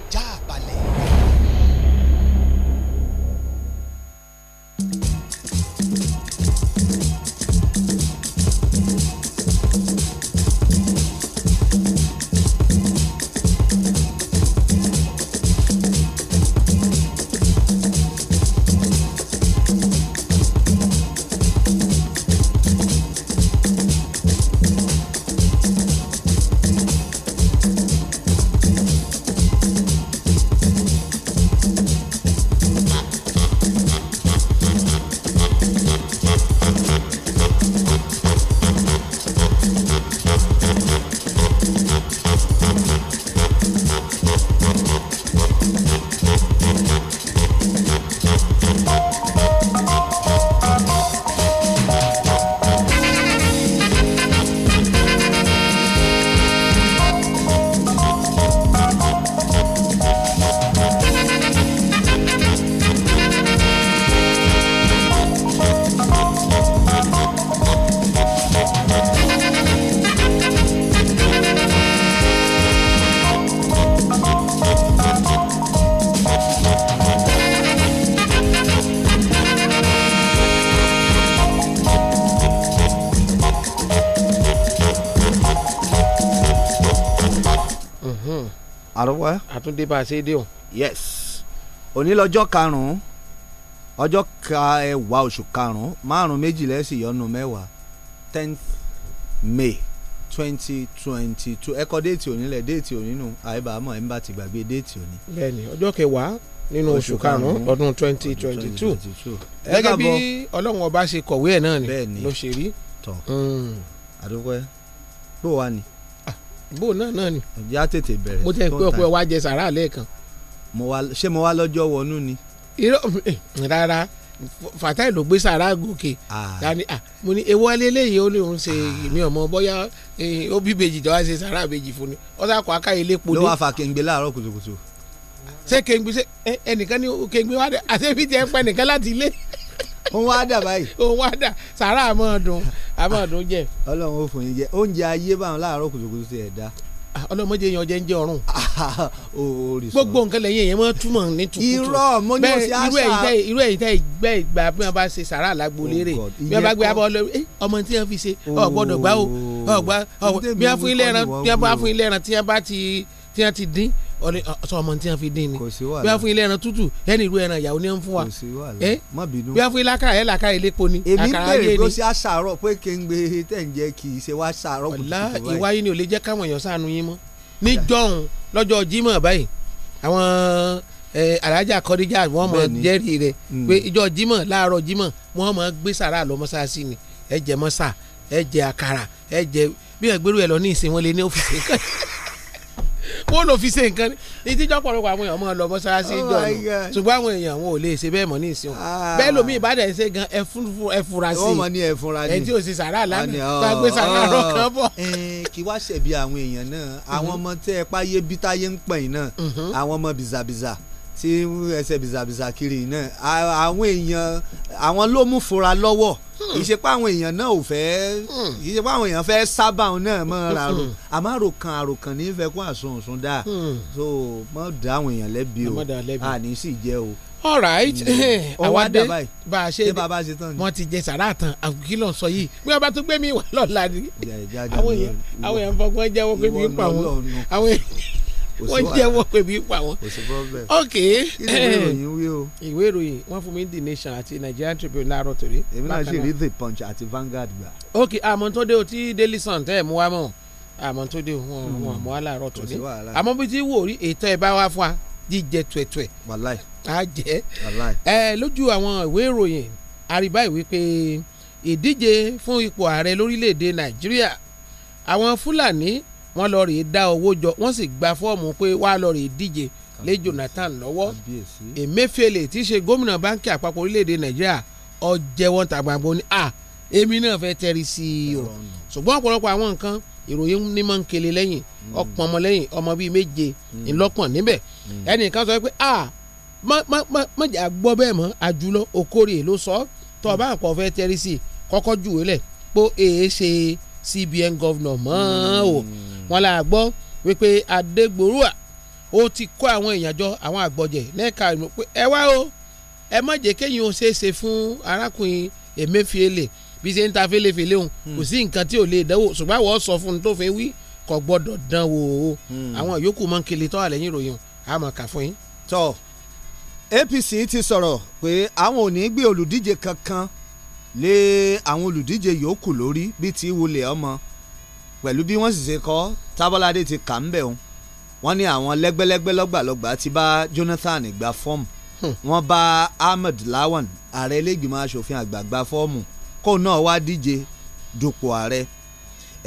àtúndé bá a ṣe dé o. yes òní lọ́jọ́ karùn-ún ọjọ́ kẹwàá oṣù karùn-ún márùn-ún méjìlá ẹ̀sìn yọnu mẹ́wàá tenth may twenty twenty two ẹ̀kọ́ déètì òní lẹ̀ déètì òní nù àyíbá àmọ́ ẹ̀ ń bá ti gbàgbé déètì òní. bẹ́ẹ̀ni ọjọ́ kẹwàá nínú oṣù karùn-ún ọdún twenty twenty two gẹ́gẹ́ bí ọlọ́run ọba ṣe kọ̀wé ẹ̀ náà ni ló ṣe rí. tọ́ hmm. àdúgbò ẹ gbọ́ wa ni bó náà náà ni. ǹjẹ́ á tètè bẹ̀rẹ̀ mo tẹ̀ ń pé ọkọ ẹ wá jẹ sàrà lẹ́ẹ̀kan. mo wá ṣé mo wá lọ́jọ́ wọnú ni. irọ́ eh, rárá fatai ló gbé sàrà gòkè tani mo ní ewu eléyìí ó ní òun ṣe èmi ọmọ bóyá eh, ó bí bèjì tó wá ṣe sàrà bèjì fún ni ó sà kó akáyé lépo ní. ló wá fa kéńgbé láàárọ̀ kùtùkùtù. ṣé kéńgbé ṣe eh, ẹnìkan ní kéńgbé wá dé àti ebi jẹ́ pẹ́ nìkan láti ilé òun wá dà báyìí. òun wá dà sàrà àmọ́ọ̀dún àmọ́ọ̀dún jẹ. ọlọ́run ó fún yín jẹ oúnjẹ ayé báwọn láàárọ̀ kùtùkùtù ti ẹ̀ dá. Ah, ọlọ́mọdé yan jẹ́ ń jẹ́ ọ̀run. gbogbo nǹkan lẹ́yìn èèyàn máa túmọ̀ ní tukutu. irọ́ mo ní oṣù àṣà. irú ẹ̀yìn tẹ́ ìgbẹ́ ìgbà bí wọ́n bá ṣe sàrà lágbo oh lérè bí wọ́n bá gbé abọ́ ọmọ tí wọ́n fi ṣe ò gbọ́dọ̀ gbá o bí wọ́n Ah, sọ ọmọ tí wọn fi dín ni bí wọn fún ilé ẹran tútù ẹni ìlú ẹran ìyàwó ni wọn fún wa ẹ bí wọn fún ilaka ẹ laka elépo ni àkàrà ayé ni. èmi bèrè pé ó ṣe pé kéńgbé e tẹ̀ ń jẹ́ kì í ṣe wá ṣàrọ kùtùkùtù báyìí. ọ̀la ìwáyé ni ò lè jẹ́ káwọn èèyàn sànú yín mọ́ níjọ́hún lọ́jọ́ Jímọ̀ báyìí àwọn alájà kọ́díjà wọ́n mọ̀ jẹ́rìí rẹ̀ hmm. pé ìjọ wọn lò fi ṣe nǹkan ní ìtìjọ́ pọ̀lọpọ̀ àwọn èèyàn máa lọ mọ́ṣáláṣí ìjọ oh nù ṣùgbọ́n àwọn èèyàn wọn ò lè ṣe bẹ́ẹ̀ mọ́ ní ìsìn ah. bẹ́ẹ̀ lómi ìbàdàn ṣe gan ẹfura sí ẹ tí ò sì sàrà lánàá tá oh, sàrà oh. rọ bọ̀. kí wá ṣẹ̀bi àwọn èèyàn náà àwọn mhm. ọmọ tẹ́ ẹ páyé bí táyé ń pẹ̀yìn náà mhm. àwọn ọmọ bìzàbìzà tí ẹsẹ̀ bìzàbìzà kiri náà àwọn èèyàn àwọn ló mú fura lọ́wọ́ hmm. kì àwọn èèyàn náà ò fẹ́ hmm. kì àwọn èèyàn fẹ́ sábà òun náà mọ́ ra rò hmm. àmọ́ àròkàn àròkàn ní fẹ́ kó àsunsun dá so mọ́ dá àwọn èèyàn lẹ́bi o àní sì jẹ́ o. all right àwa bá a ṣe wọn ti jẹ sàrà tán kí sọ yìí bí wọn bá tún gbé mi wà lọ́la ni àwọn èèyàn fọgbọ́n jẹ́wọ́ pé mi ń pa wọn àwọn èèyàn wọ́n jẹ́wọ́ pé bí pa wọn. ok eh, ìwé ìròyìn wọ́n fún mi The Nation àti Nigerian Tribune láàárọ̀ torí. èmi náà ṣì rí The Punch àti Vanguard gbà. ok àmọ́ tó dé o ti Daily Sun tẹ́ ẹ̀ mú wa mọ́ àmọ́ tó dé wọn wọn àmọ́ hmm. aláàárọ̀ torí àmọ́ bí ti wò rí ètò ẹ̀ bá wá fún wa jíjẹ tuẹ̀tuẹ̀. wàláì. a jẹ ẹ lójú àwọn ìwé ìròyìn àríbá ìwé pé ìdíje fún ipò ààrẹ lórílẹ̀‐èdè Nàìjíríà àwọn Fúlàní wọ́n lọ rèé dá owó jọ wọ́n sì gba fọ́ọ̀mù pé wàá lọ rèé díje lé Jonathan lọ́wọ́ Emefiele tí í ṣe gómìnà báńkì àpapọ̀ orílẹ̀-èdè Nàìjíríà ó jẹ́wọ́ ta gbàgbó ni à èmi náà fẹ́ tẹ́rí sí i o ṣùgbọ́n ọ̀pọ̀lọpọ̀ àwọn nǹkan ìròyìn ní máa ń kele lẹ́yìn ọ̀pọ̀ hmm. ọmọ lẹ́yìn ọmọ bíi méje hmm. ńlọ́pọ̀ níbẹ̀ hmm. ẹnìkan sọ pé à mọ̀jà gbọ́ bẹ́ẹ̀ mọ́ àjùlọ Okòrè ló sọ tó o bá ń pọ̀ fẹ́ tẹ́rí sí i kọ́kọ́ jùwé lẹ̀ pé èé ṣe CBN governor mọ́ o wọ́n là gbọ́ wípé adégbòrúwà ó ti kó àwọn èèyàn jọ àwọn àgbọ̀jẹ̀ lẹ́ka ìmọ̀ pé ẹ wá o ẹ má jẹ́ kéyìn o ṣeé ṣe fún arákùnrin emefiele bí ṣe ń ta fẹ́lẹ́fẹ́lẹ́ òun hmm. kò sí nǹkan tí ò lè dánwò ṣùgbọ́n àwọn sọ fún un tó fi wí kò gbọ́dọ̀ dán wò ó hmm. àwọn yòókù mọ́ nkele tó wà lẹ́yìn ìròyìn àmọ́ kà fún yín. tọ́ APC ti sọ̀rọ̀ pé àwọn ò ní gbé olùdíje kankan lé àwọn olùdíje yòókù lórí bíi ti wulẹ̀ ọmọ pẹ̀lú bí wọ́n sì ṣe kọ́ tábọ́ládé ti kà ń bẹ̀ òun wọ́n ní àwọn lẹ́gbẹ́lẹ́gbẹ́ lọ́gbàlọ́gbà ti bá Jonathan gba fọ́ọ̀mù hmm. wọ́n bá Ahmed Lawan ààrẹ ilégbìmọ̀ asòfin àgbà gba fọ́ọ̀mù kó náà wá díje dupò ààrẹ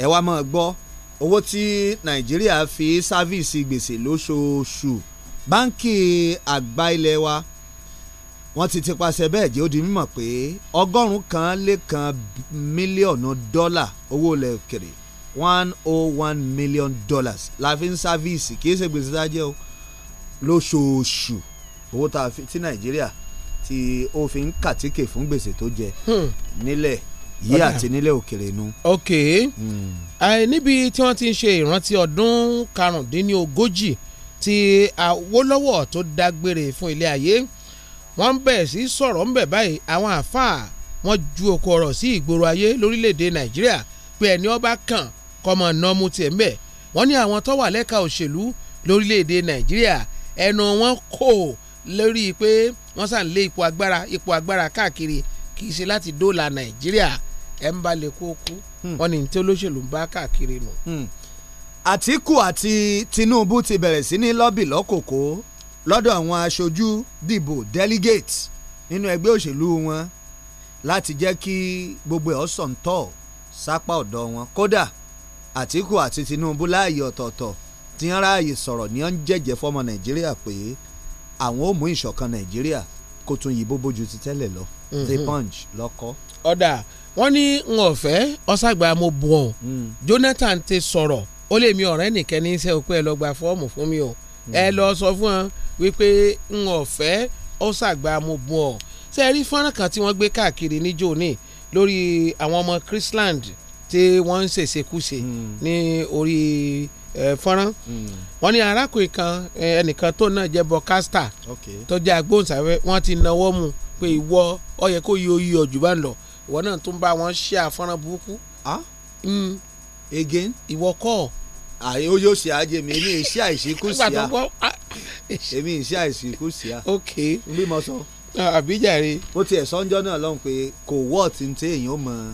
ẹ wá máa gbọ́ owó tí Nàìjíríà fi sáfíìsì gbèsè lóṣooṣù báńkì àgbà ilẹ̀ wa wọ́n ti ti paṣẹ bẹ́ẹ̀ jẹ́ ó di mímọ̀ pé ọgọ́rùn-ún kan lé kan mílíọ̀nù dọ́là owó ilẹ̀ one oh one million dollars la fi ń sáfíìsì kì í ṣe gbèsè tá a jẹ́ o lóṣooṣù owó tá a fi ti nàìjíríà tí ó fi ń kàtíkè fún gbèsè tó jẹ hmm. nílẹ̀ yìí àti nílẹ̀ òkèrè nu. ok hmm. níbi tí wọ́n ti ń ṣe ìrántí ọdún karùndínlógójì tí Awólọ́wọ̀ tó dágbére fún ilé ayé wọ́n ń bẹ̀ sí sọ̀rọ̀ ń bẹ̀ báyìí àwọn àáfàá wọ́n ju òkò ọ̀rọ̀ sí ìgboro ayé lórílẹ̀‐èdè nàìjíríà pé ẹni ọba kàn kọ́mọ nọ́ọ̀mù tiẹ̀ ń bẹ̀ wọ́n ní àwọn tó wà lẹ́ka òṣèlú lórílẹ̀‐èdè nàìjíríà ẹnu wọn kò lórí pé wọ́n sàn lé ipò agbára ipò agbára káàkiri kì í ṣe láti dóòlà nàìjíríà ẹ̀ ń balẹ̀ kó kú hmm. wọ́n ní tí olóṣèlú ń bá káàkiri nù. Hmm. àtìkù àti tinubu ti bẹ̀rẹ̀ sí ní lọ́bì lọ́kòkó lọ́dọ̀ àwọn aṣojú dìbò delegates nínú ẹgbẹ́ òṣèlú wọn láti jẹ́ kí gbogbo ẹ̀ ọ̀sán tọ̀ sápá ọ̀dọ̀ wọn kódà Àtíkù àti Tinubu láàyè ọ̀tọ̀ọ̀tọ̀ tí ń ráàyè sọ̀rọ̀ ní ọ́n jẹ́jẹ́ fọmọ Nàìjíríà pé àwọn ò mú ìṣọ̀kan Nàìjíríà kó tún yìí bóbó ti tẹ́lẹ̀ lọ mhm. The Punch lọ́kọ́. ọ̀dà wọ́n ní n ò fẹ́ ọ̀ṣàgbà mo bù ọ́ hmm. Jonathan ti sọ̀rọ̀ ó lè mi ọ̀rẹ́ nìkan ní sẹ́ òpin ẹ̀ lọ gba fọ́ọ̀mù fún mi o ẹ hmm. lọ sọ fún ọ wípé n ò fẹ́ ọ̀ṣàgbà mo bù ọ́ ṣe é rí fọ́nrán kan tí wọ́n gbé káàkiri níjó ní lórí àwọn ọmọ Chrisland tí wọ́n ń ṣèṣekúṣe hmm. ní orí fọ́nrán hmm. wọ́n ní arákùnrin kan ẹnìkan tó náà jẹ́ bọ́kásítà tó jẹ́ agbóhùnsáfẹ́ wọ́n ti náwó mu pé ìwọ ọ yẹ kó yí oyè ọ̀jù bá ń lọ ìwọ náà tún bá wọn ṣe àfọ́nrán burúkú. Hmm. again ìwọ kọ́ àyè ó yóò ṣe àjẹ mi èmi ìṣe àìsíkú sí a èmi ìṣe àìsíkú sí a ok bí mo sọ. àbíjàre. ó tiẹ̀ sọ́njọ́ náà lọ́hùn pé kò wọ́ọ̀tì ní téèyàn ó mọ̀ ọ́n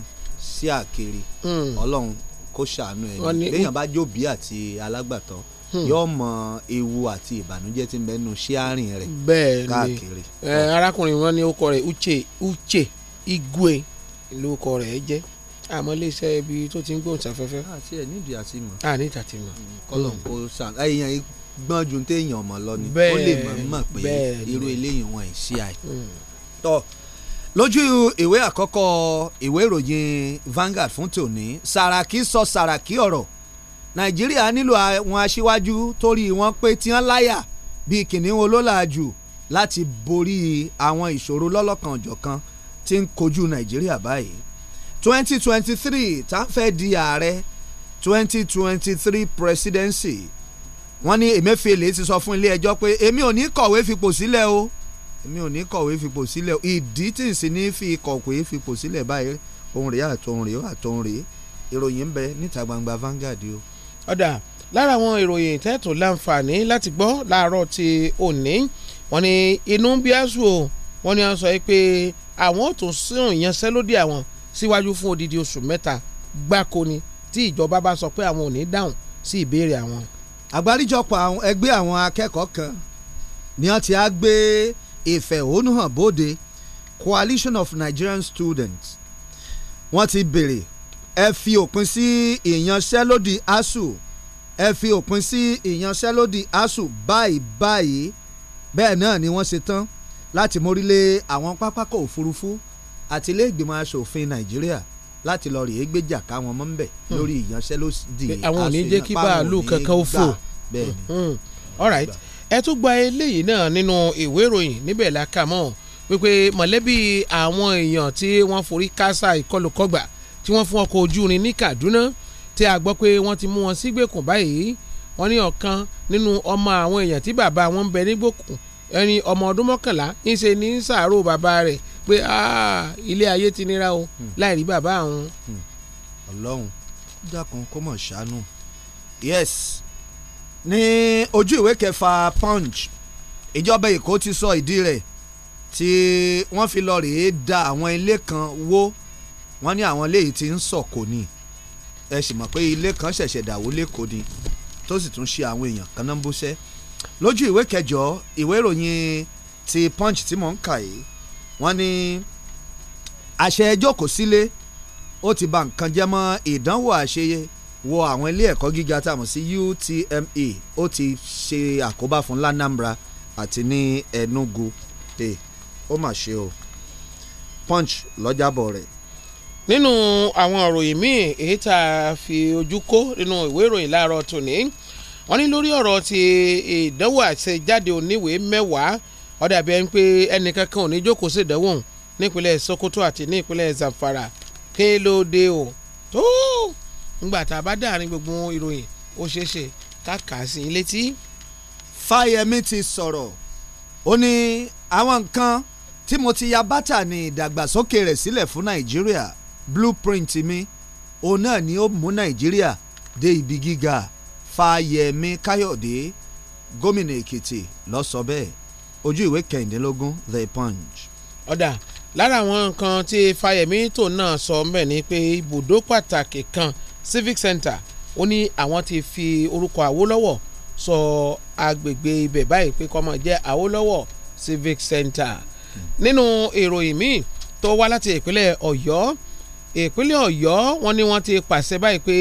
sí àkèrè hmm. ọlọ́run kó ṣàánú ẹni léèyàn bá jòbí àti alágbàtọ́ hmm. yóò mọ ewu àti ìbànújẹ́ tí ń bẹ nínú ṣíárìn rẹ̀ káàkiri. bẹ́ẹ̀ ni arákùnrin wọn ní orúkọ rẹ̀ uche uche igwe lórúkọ rẹ̀ jẹ́ àmọ́ iléeṣẹ́ ibi tó ti ń gbóhùnsáfẹ́fẹ́. àti ẹ̀ nídìí àti mọ̀. à nídìí àti mọ̀. Hmm, kọ́lọ̀ kó sàn ẹ̀yìn ẹ̀yìn gbọ́n ju téèyàn mọ̀ lọ ni ó lè mọ̀ mọ̀ pé irú eléyìí wọn ì sí àì. tọ́ lójú ìwé àkọ́kọ́ ìwé ìròyìn Vanguard fún tòní Sàràkí sọ Sàràkí ọ̀rọ̀ Nàìjíríà nílò àwọn aṣíwájú torí wọ́n pé tí wọ́n láyà bíi kìnìún olólàájú láti borí àwọn ìṣòro lọ́lọ́kan ọ̀jọ̀kan tí ń kojú Nàìjíríà báyìí twenty twenty three tá di ààrẹ twenty twenty three presidency wọ́n ní Emefiele ti sọ fún ilé ẹjọ́ pé èmi ò ní kọ̀wé fipò sílẹ̀ o. Si mi ò ní kọ̀wé fipò sílẹ̀ ìdí tí n sì ní fi kọ̀wé fipò sílẹ̀ báyìí ohun rèé àtòhun rèé àtòhun rèé ìròyìn ń bẹ níta gbangba Vanguard o. ọ̀dà lára àwọn ìròyìn tẹ́tùn láǹfààní láti gbọ́ láàárọ̀ ti òní wọn ni inú bí àṣù o wọn ni wọn sọ pé àwọn ò tún sún ìyanṣẹ́lódì àwọn síwájú fún odidi oṣù mẹ́ta gbáko ni tí ìjọba bá sọ pé àwọn ò ní dáhùn sí ìbéèrè àwọn. àgbáríjọpọ̀ ẹgbẹ́ àwọn akẹ́kọ̀ọ́ kan ni wọ́n ti á gbé ìfẹ̀hónúhàn bóde Coalition of Nigerian Students wọ́n ti bèrè ẹ fi òpin sí ìyanṣẹ́lódì ASUU ẹ fi òpin sí ìyanṣẹ́lódì ASUU báyìí báyìí bẹ́ẹ̀ náà ni wọ́n ṣe tán láti mórílé àwọn pápákọ̀ òfurufú àti ilé ìgbìmọ̀ asòfin Nàìjíríà láti lọ rèé gbéjà káwọn mọ́ ń bẹ̀ hmm. lórí ìyanṣẹ́lódì ASUU àwọn ò ní jẹ́ kí báàlù kankan ó fò bẹ́ẹ̀ ni. Hmm. all right. Yeah ẹ tún gba eléyìí náà nínú ìwé ìròyìn níbẹ̀ la kà mọ́ wípé mọ̀lẹ́bí àwọn èèyàn tí wọ́n forí kásá ìkọlù tí wọ́n fún ọkọ̀ ojú irin ní Kaduna tí a gbọ́ pé wọ́n ti mú wọn sígbèkùn báyìí wọ́n ní ọ̀kan nínú ọmọ àwọn èèyàn tí bàbá wọn ń bẹ nígbòkùn ẹni ọmọ ọdún mọ́kànlá ń ṣe ní sàárò bàbá rẹ̀ pé ilé ayé ti nira o hmm. láì rí bàbá àwọn. Hmm. Ọlọ́run dákun kó mọ̀ ṣàánú yes ní ojú ìwé kẹfà punch ìjọba èkó ti sọ ìdí rẹ̀ tí wọ́n fi lọ rèé da àwọn ilé kan wó wọ́n ní àwọn ilé yìí ti ń sọ̀kò ni ẹ sì mọ̀ pé ilé kan ṣẹ̀ṣẹ̀ dàwó lẹ́kọ̀ọ́ ni tó sì tún ṣe àwọn èèyàn kan náà ń búṣẹ́ lójú ìwé kẹjọ ìwé ìròyìn ti punch tí mò ń kà yìí wọ́n ní àṣẹ ẹjọ́ kò sílé ó ti ba nǹkan jẹ́ mọ́ ìdánwò àṣeyẹ wọ àwọn ilé ẹ̀kọ́ gíga tá a mọ̀ sí UTME ó ti ṣe àkóbá fún lanambra àti ní Enugu eh, ó mà ṣe o punch lọ́jàbọ̀ rẹ̀. nínú àwọn òròyìn míì èyí tá a fi ojú kó nínú ìwé ìròyìn láàárọ̀ tòní wọ́n ní lórí ọ̀rọ̀ ti ìdánwò àṣejáde oníwèé mẹ́wàá ó dà bí ẹni pé ẹnìkan kan ò ní jókòó sí ìdánwò nípínlẹ̀ Sokoto àti ní ìpínlẹ̀ Zamfara kí ló dé o tó ńgbà tá a bá dàárín gbogbo ìròyìn ó ṣeé ṣe ká kà á sí i létí. Fáyẹmí ti sọ̀rọ̀ ó ní àwọn nǹkan tí mo ti ya bátà ní ìdàgbàsókè rẹ̀ sílẹ̀ fún Nàìjíríà blueprint mi òun náà ni ó mú Nàìjíríà dé ibi gíga Fáyẹmí Káyọ̀dé gómìnà Èkìtì ló sọ bẹ́ẹ̀ ojú ìwé kẹ̀hìndínlógún The Punch. ọ̀dà lára àwọn nǹkan tí Fáyẹmí tó náà sọ mbẹ́ ni pé ibùdó pàtàkì kan civic center ó ní àwọn ti fi orúkọ Awólọ́wọ̀ sọ agbègbè ibẹ̀ báyìí pé kọ́mọ jẹ́ Awólọ́wọ̀ civic center nínú ìròyìn míì tó wá láti ìpínlẹ̀ Ọ̀yọ́ ìpínlẹ̀ Ọ̀yọ́ wọn ni wọ́n ti pàṣẹ báyìí pé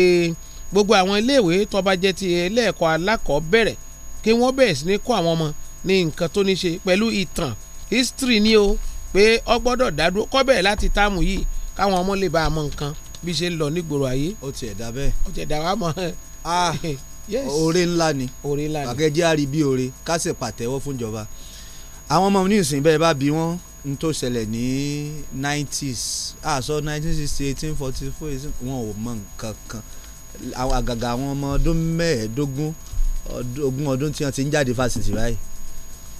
gbogbo àwọn iléèwé tó bá ti ẹlẹ́ẹ̀kọ́ alákọ̀ọ́bẹ̀rẹ̀ kí wọ́n bẹ̀rẹ̀ sí ní kọ́ àwọn ọmọ ní nǹkan tó ní ṣe pẹ̀lú ìtàn history ni o pé ọ dádúró kọ́ láti táàmù yìí káwọn ọmọ lè bá a mọ nǹkan bí ṣe ń lọ nígboro ayé. ó ti ẹ̀dá bẹ́ẹ̀. ó ti ẹ̀dá wa mọ̀. Ah, oore ńlá ni oore ńlá ni àgẹ́jẹ́ àrí bí oore ká sì pàtẹ́wọ́ fúnjọba àwọn ọmọ oníṣìn bẹ́ẹ̀ bá bí wọ́n n tó ṣẹlẹ̀ ní nineties àṣọ nineteen sixty eighteen forty four wọn ò mọ nǹkan kan àgàgà àwọn ọmọ ọdún mẹ́ẹ̀ẹ́dógún ogún ọdún tí wọ́n ti ń jáde fásitì báyìí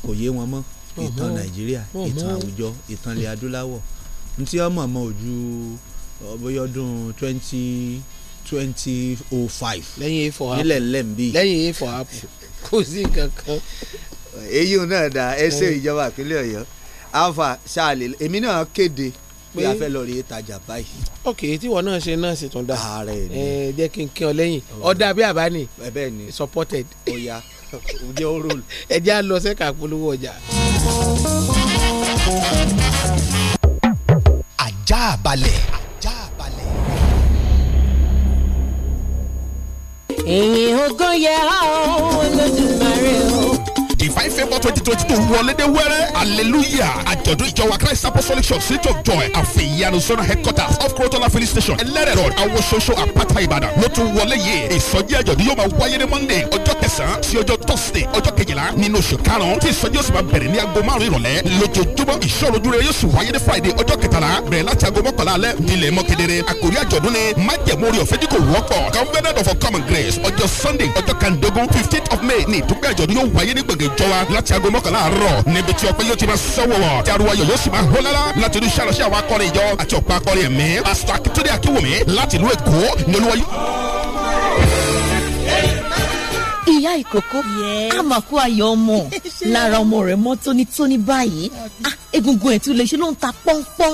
kò yé wọn mọ́ ìtàn uh-huh. nàìjíríà uh-huh. ìtàn àwùjọ ìtàn ilẹ̀ adúláwọ̀ ntí ọmọ ọmọ ojú bóyá ọdún twenty twenty oh five. lẹ́yìn efo apu nílẹ̀ lẹ́m̀bí. lẹ́yìn efo apu kò sí kankan. èyí náà dá ẹsẹ ìjọba ìpínlẹ̀ ọ̀yọ́ alfa ṣáàlì èmi náà kéde pé a fẹ́ lọ rí ìtajà báyìí. ok tíwọ náà ṣe náà sì tún dá ààrẹ ni ẹ jẹ́ kí n kí ọ lẹ́yìn ọ̀dà bí àbá ni ni supported. Oya. yá òjẹ́ ó rò. ẹ jẹ́ à lọ sẹ́ka polówó ọjà. ajá balẹ̀. èyí ogún yẹ ọ́ lójú mẹ́rin o loju my real. divine favour twenty twenty two wọlé dé wẹ́rẹ́ hallelujah àjọ̀dún ìjọba christ apostolic church city of joy àfẹ̀yànù zona headquarters of kúrótọ́lá filling station ẹlẹ́rẹ̀ road awososo àpáta ìbàdàn ló tún wọlé yìí ìsọjí àjọ̀dún yóò máa wáyé ní monday ọjọ́ kẹsàn-án sí ọjọ́ thursday ọjọ́ kejìlá nínú oṣù karùn-ún tí ìsọjí yóò sì máa bẹ̀rẹ̀ ní aago márùn-ún ìrọ̀lẹ́ lójoojúmọ́ ìṣọ́rojúre yóò sì wáyé ní friday ọjọ́ kẹtàlá bẹ̀rẹ̀ láti aago mọ́kànlá alẹ́ nílẹ̀ mọ́ kedere àkòrí àjọ̀dún ni májẹ̀mú orí ọ̀fẹ́ tí wọ́pọ̀ convenant of common grace ọjọ́ sunday ọjọ́ kàndógún fifteenth of may ní ìdúgbò àjọ̀dún yóò wáyé ní gbọ̀ngàn ìjọ wa láti aago mọ́kànlá àárọ̀ níbi tí ọpẹ́ yóò ti máa sọ́wọ́ wọ̀ tí ariwo yóò sì máa hó láti inú iṣẹ́ àwọn akọrin ìjọ àti ọ̀pọ̀ akọrin ẹ̀mí pásítọ̀ akitunde akiwumi láti ìlú èkó ní olúwa ìyá ìkókó àmàkù ayọ̀ ọmọ lára ọmọ rẹ̀ mọ́ tónítóní báyìí ah, egungun ẹ̀ lè ṣe ló ń ta pọ́npọ́n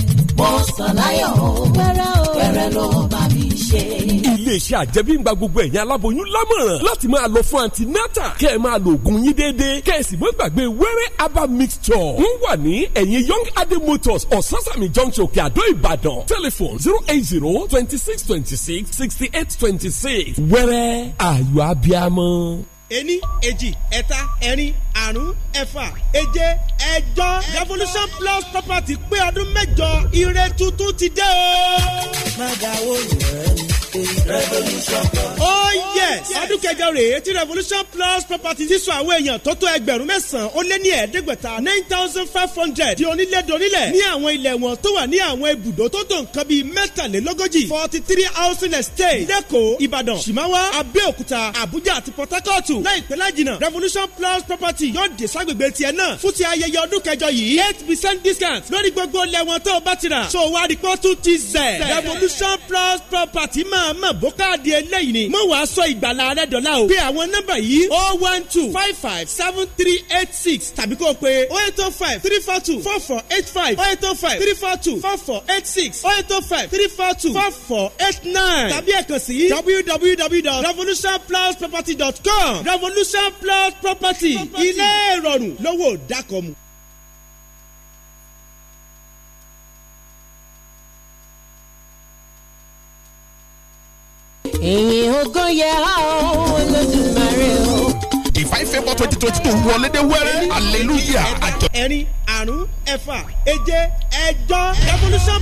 mo sọ láyọ̀ o pẹ́rẹ́ o pẹ́rẹ́ ló bá mi ṣe. iléeṣẹ́ àjẹmíngba gbogbo ẹ̀yin aláboyún lámọ̀ràn láti máa lọ fún antinata kẹ́ ẹ máa lo oògùn yín déédéé kẹ́ ẹ sì mọ́ gbàgbé wẹ́rẹ́ herbal mixture wọ́n wà ní ẹ̀yìn young adé motors ososani junction òkè àdó ìbàdàn telephone zero eight zero twenty six twenty six sixty eight twenty six wẹ́rẹ́ ayọ̀ abiamọ ení èjì ẹ̀ta ẹ̀rin àrún ẹ̀fà èje ẹ̀jọ revolution plus property pé ọdún mẹ́jọ ire tuntun ti dé o. má dáwọ́ ìrẹ́ni revolution plus yes ọdún kẹjọ rèé tí revolution plus property ti sọ àwọn èèyàn tó tó ẹgbẹ̀rún mẹ́sàn-án ó lé ní ẹ̀ẹ́dẹ́gbẹ̀ta nine thousand five hundred di onílẹ̀dọ́nílẹ̀ ní àwọn ilẹ̀ wọn tó wà ní àwọn ibùdó tó tó nǹkan bíi mẹ́tàlélógójì forty three housing estate lẹ́kọ̀ọ́ ìbàdàn ṣìmáwá abẹ́òkúta àbújá àti port harcourt láìpẹ́ lájìnà revolution plus property yóò dé ságbègbè tiẹ̀ náà fún ti ayẹyẹ ọdún kẹjọ yìí eight percent discount lórí gbogbo ilẹ̀ wọn tó bá ti rà so wá rìpọ́tù ti zẹ̀ revolution plus property máa mọ̀ bó káàdì eléyìí ni mo wàá sọ ìd ìgbàlà arẹ́dọ́là o. pé àwọn nọ́mbà yìí o one two five five seven three eight six tàbí kó o pe o eight oh five three four two four four eight five o eight oh five three four two four four eight six o eight oh five three four two four four eight nine tàbí ẹ̀kan sí www.revolutionplusproperty.com revolution plus property ilé ìrọ̀rùn lówó dákọ̀mù. ìyìn ògo yẹ ọ́ Olódùmarè o. divine favour twenty twenty two wọlé dé wẹ́rẹ́ hallelujah. ẹ̀rin àrún ẹ̀fà èje ẹ̀jọ revolution.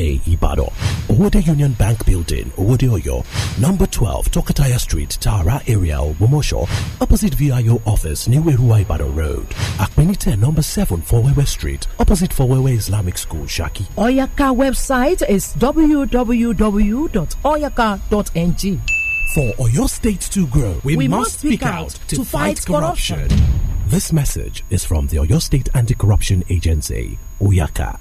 A, Ibadan. Owode Union Bank Building, Owode Oyo. Number 12, Tokataya Street, Tara area, Ogumosho. Opposite VIO office, New Erua Ibadan Road. Akpenite, number 7, Fowewe Street. Opposite Fowewe Islamic School, Shaki. Oyaka website is www.oyaka.ng. For Oyo State to grow, we, we must speak out to, to fight, corruption. corruption. This message is from the Oyo State Anti-Corruption Agency, Oyaka.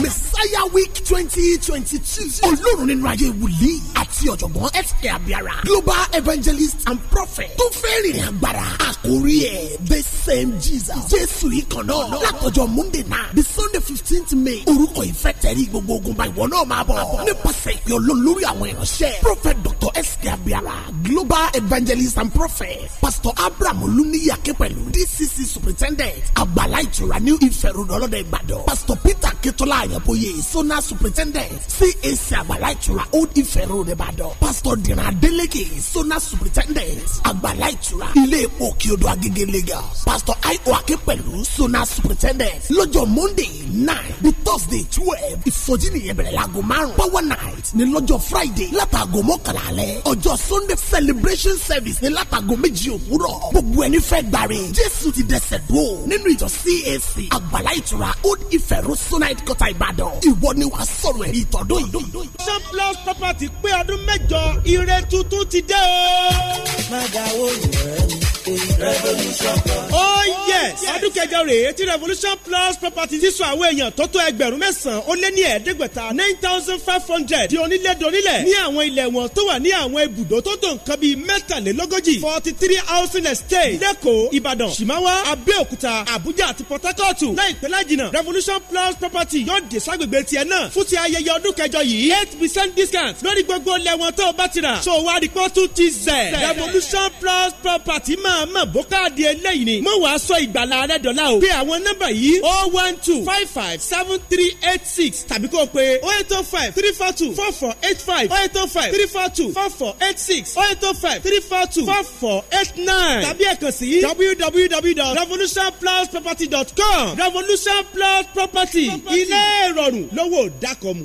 Mr. Fire Week twenty twenty two. Ọlọ́run nínú ayé wòlíì àti ọ̀jọ̀gbọ́n S.K. Abiara. Global evangelist and prophet tó fẹ́ rìnrìn agbára. Àkórí ẹ̀ the same Jesus. Jésù ìkàn náà. Látọjọ́ Monday náà the Sunday fifteenth May. Orúkọ ìfẹ́ tẹ̀rí gbogbo ogun bá ìwọ náà máa bọ̀. Nípasẹ̀ ìpè olólórí àwọn ìránṣẹ́. Prophet Dr. S.K. Abiara. Global evangelist and prophet. Pastor Abraham Olúniyí Akínpẹ̀lú. DCC superintendent. Àgbàlá ìtura New Ife Road Ọlọ́dẹ Ìbàdàn. Pastor Peter Ketola Àyànbóyè zona superintendent cac àgbàlá ìtura old ife road ìbàdàn pastor dina adeleke zona superintendent àgbàlá ìtura ilé epo òkè odò agége lagos pastor io Akepelu, sona superintendent lọ́jọ́ monday nine bí thursday twelve ìsọjí nìyẹn bẹ̀rẹ̀ láago márùn-ún power night ní lọ́jọ́ friday látàgò mọ́kànlá alẹ́ ọjọ́ sunday celebration service ní látàgò méjì òwúrọ̀ gbogbo ẹni fẹ́ gbàre jésù ti dẹsẹ̀ dúró nínú ìjọ cac àgbàlá ìtura old ife rosunite kọta ìbàdàn ìwọ ni wàá sọ̀rọ̀ ẹ̀rí ìtọ́dún yìí. sunplus property pé ọdún mẹ́jọ ire tuntun ti dé o. má dáwọ́ ìrẹ́ mi revolution plus. ó yẹ ọdún rèé tí revolution plus property ti sọ àwọn àwọn èèyàn tó tó ẹgbẹ̀rún mẹ́sàn-án ó lé ní ẹ̀ẹ́dẹ́gbẹ̀ta nine thousand five hundred di onílẹ̀dọ́nílẹ̀ ní àwọn ilẹ̀ wọn tó wà ní àwọn ibùdó tó tó nǹkan bíi mẹ́tàlélógójì forty three housing estate lẹ́kọ̀ọ́ ìbàdàn ṣìmáwá abẹ́òkúta àbújá àti port harcourt láìpẹ́ lájìnà revolution plus property yóò dé ságbègbè tiẹ̀ náà fún ti ayẹyẹ ọdún kẹjọ yìí eight percent discount lórí gbogbo ilẹ̀ wọn tó bá ti rà so wá rìpọ́tù ti zẹ̀ revolution plus property máa mọ̀ bó káàdì eléyìí ni mo wàá sọ ìgbàlá rẹ̀ dọ̀la o pé àwọn nọ́mbà yìí oh one two five five seven three eight six tàbí kó o eight oh five three four two four four eight five oh eight oh five three four two four four eight six oh eight oh five three four two four four eight nine tàbí ẹ kàn sí www.revolutionplusproperty.com revolution ilé ìrọ̀rùn lówó dákọ̀mù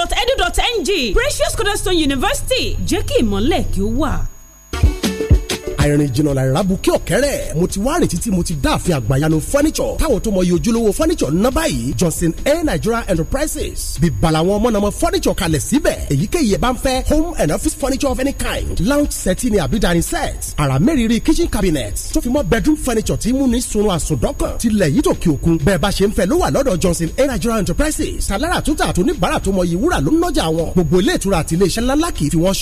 dot edu dot ng Precious Cornerstone University jẹ́ kí ìmọ̀lẹ̀ kí ó wà àìrìn jìnnà làràbù kí ọ̀kẹ́rẹ́ mo ti wá rètí tí mo ti dá àfin àgbàyanu furniture táwọn tó mọ iye ojúlówó furniture ná báyìí Johnson A Nigeria Enterprises bíbá làwọn mọ̀nàmọ́ furniture kalẹ̀ síbẹ̀ èyíkéyìí ẹ̀ bá ń fẹ́ home and office furniture of any kind lounge set ni àbí dining set àrà mẹ́rìírí kitchen cabinet tó fi mọ́ bedroom furniture tí mú ní sunun àsùndọ́kàn tilẹ̀ yìí tó kí òkun bẹ́ẹ̀ bá ṣe ń fẹ́ ló wà lọ́dọ̀ Johnson A Nigeria Enterprises tàlára tó tà tó níbàárà tó mọ iye wúrà ló ń nọ́jà wọn gbogbo ilé ìtura àti ilé iṣẹ́ ńláńlá kì í fi wọ́n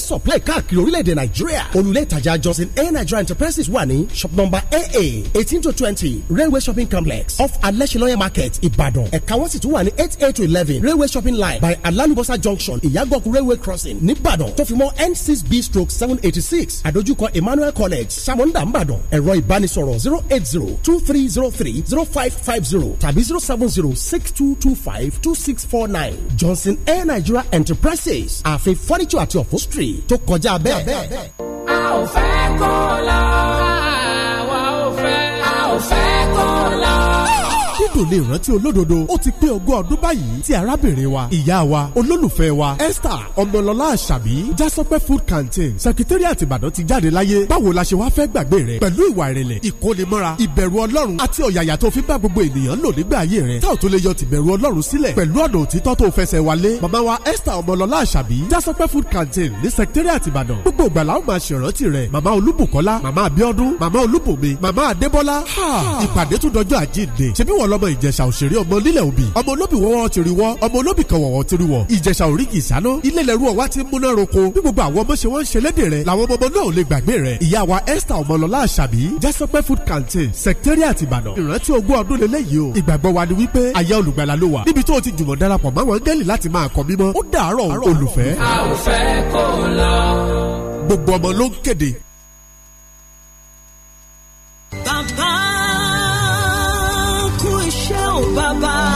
ṣeré Nigeria olùlé ìtajà Johnson Air Nigeria Enterprises wà ní shop number AA eighteen to twenty railway shopping complex off Alẹ́ṣinlọ́yẹ̀ market Ìbàdàn ẹ̀ka wọ́n sì tún wà ní eight eight to eleven railway shopping line by Alalubosa junction Ìyàgànkù railway crossing nìbàdàn tó fi mọ́ N six B stroke seven eighty six àdójúkọ Emmanuel College Samonda Nìbàdàn ẹ̀rọ ìbánisọ̀rọ̀ zero eight zero two three zero three zero five five zero tàbí zero seven zero six two two five two six four nine Johnson Air Nigeria Enterprises àfi fọ́nìṣọ́ àti ọ̀fọ́sítírì tó kọjá bẹ́ẹ̀ a ò fẹ́ kó lọ. ò lè rántí olódodo ó ti pé ogún ọdún báyìí tí arábìnrin wa ìyá wa olólùfẹ́ wa Esther ọmọlọlá àṣàbí jásọpẹ́ food canteen secretariat Ìbàdàn ti jáde láyé báwo la ṣe wá fẹ́ gbàgbé rẹ pẹ̀lú ìwà ìrẹ̀lẹ̀ ìkónimọ́ra ìbẹ̀rù Ọlọ́run àti ọ̀yàyà tó fi bá gbogbo ènìyàn lò nígbà ayé rẹ tá ò tó lè yọ tìbẹ̀rù Ọlọ́run sílẹ̀ pẹ̀lú ọ̀nà òtítọ́ tó fẹsẹ̀ wálé màmá wa Esther ọmọlọlá àṣàbí jásọpẹ́ food canteen ní secretariat Ìbàdàn gbogbo ìgbà la ó máa ṣèrántí rẹ màmá olúbùkọ́lá màmá abíọ́dún màmá olúbùnmi màmá adébọ́lá ìpàdé tún dọjọ́ àjíǹde ṣebí wọ́n lọ́mọ ìjẹ̀ṣà òṣèré ọmọ nílẹ̀ òbí ọmọ olóbì wọ́wọ́ ti rí wọ́ ọmọ olóbì kan wọ̀wọ́ ti rí wọ́ ìjẹ̀ṣà òríkì ìsáná ilẹ̀lẹ̀rú ọ̀wá ti múná roko bí gbogbo àwọn ọmọ ṣe wọ́n ń ṣe lédè rẹ̀ làwọn ọmọ náà lè gbàgbé rẹ̀ ìyá wa Esther ọmọlọ́lá àṣàbí jásọpẹ́ food canteen secretariat Ìbàdàn ìrántí ogún ọdún lélẹ́yìí o ìgbàgbọ́ wa ni wípé àyà olùgbàlà gbogbo ọmọ ló ń kéde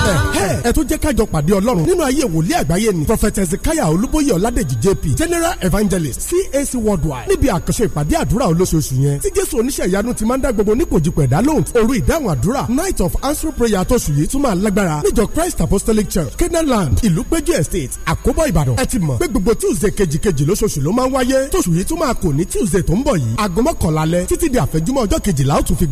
sílẹ̀. ẹ tún jẹ́ kájọ pàdé ọlọ́run nínú ayé wòlíì àgbáyé ni prophet ezekiah olúbóyè ọládèjì jp general evangelist cac worldwide níbi àkànṣe ìpàdé àdúrà olóṣooṣù yẹn tí jésù oníṣẹ́ ìyanu ti máa ń dá gbogbo oníkòjìpọ̀ ẹ̀dá lóhùn òru ìdáhùn àdúrà night of answer prayer tóṣù yìí tún máa lágbára níjọ christ apostolic church canaan land ìlú péjú estate àkóbọ̀ ìbàdàn ẹ ti mọ̀ pé gbogbo tuesday kejìkejì lóṣooṣù ló máa ń wáyé tóṣù yìí tún máa kò di àfẹ́júmọ́ ọjọ́ kejìlá ó tún fi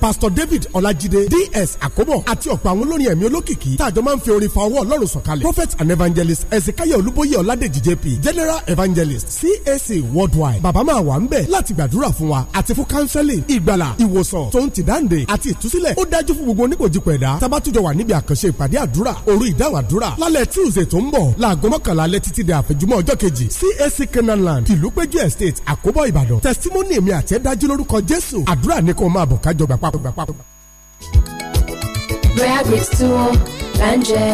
pastor david ọlájídé ds àkóbọ̀ Pastor àti ọ̀pọ̀ àwọn olórin ẹ̀mí olókìkí tá a jọ máa ń fi orin fa ọwọ́ Ọlọ́run sọ̀kalẹ̀ Prophet and Evangelist Ezekiel Olúbóyè Ọládèjì JP General Evangelist CAC Worldwide bàbá máa wà ń bẹ̀ láti gbàdúrà fún wa àti fún counseling ìgbàlà ìwòsàn tó ń ti dáǹdè àti ìtúsílẹ̀ ó dájú fún gbogbo oníkòjìpọ̀ ẹ̀dá tabatújọ wà níbi àkànṣe ìpàdé àdúrà òru ìdáhùn àdúrà lálẹ́ Tuesday tó ń bọ̀ láago mọ́kànlá alẹ́ títí di àfẹ̀júmọ́ ọjọ́ kejì CAC Canaanland ìlúpéjú estate àkóbọ̀ Ìbàdàn testimony èmi àtẹ́dájú lórúkọ Jésù àdúrà ní kó máa bọ̀ kájọ bóyá bricks tí wọ́n là ń jẹ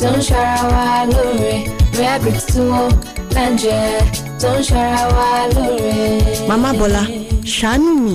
tó ń ṣara wa lóore bóyá bricks tí wọ́n là ń jẹ tó ń ṣara wa lóore. màmá bọ́lá ṣàánú mi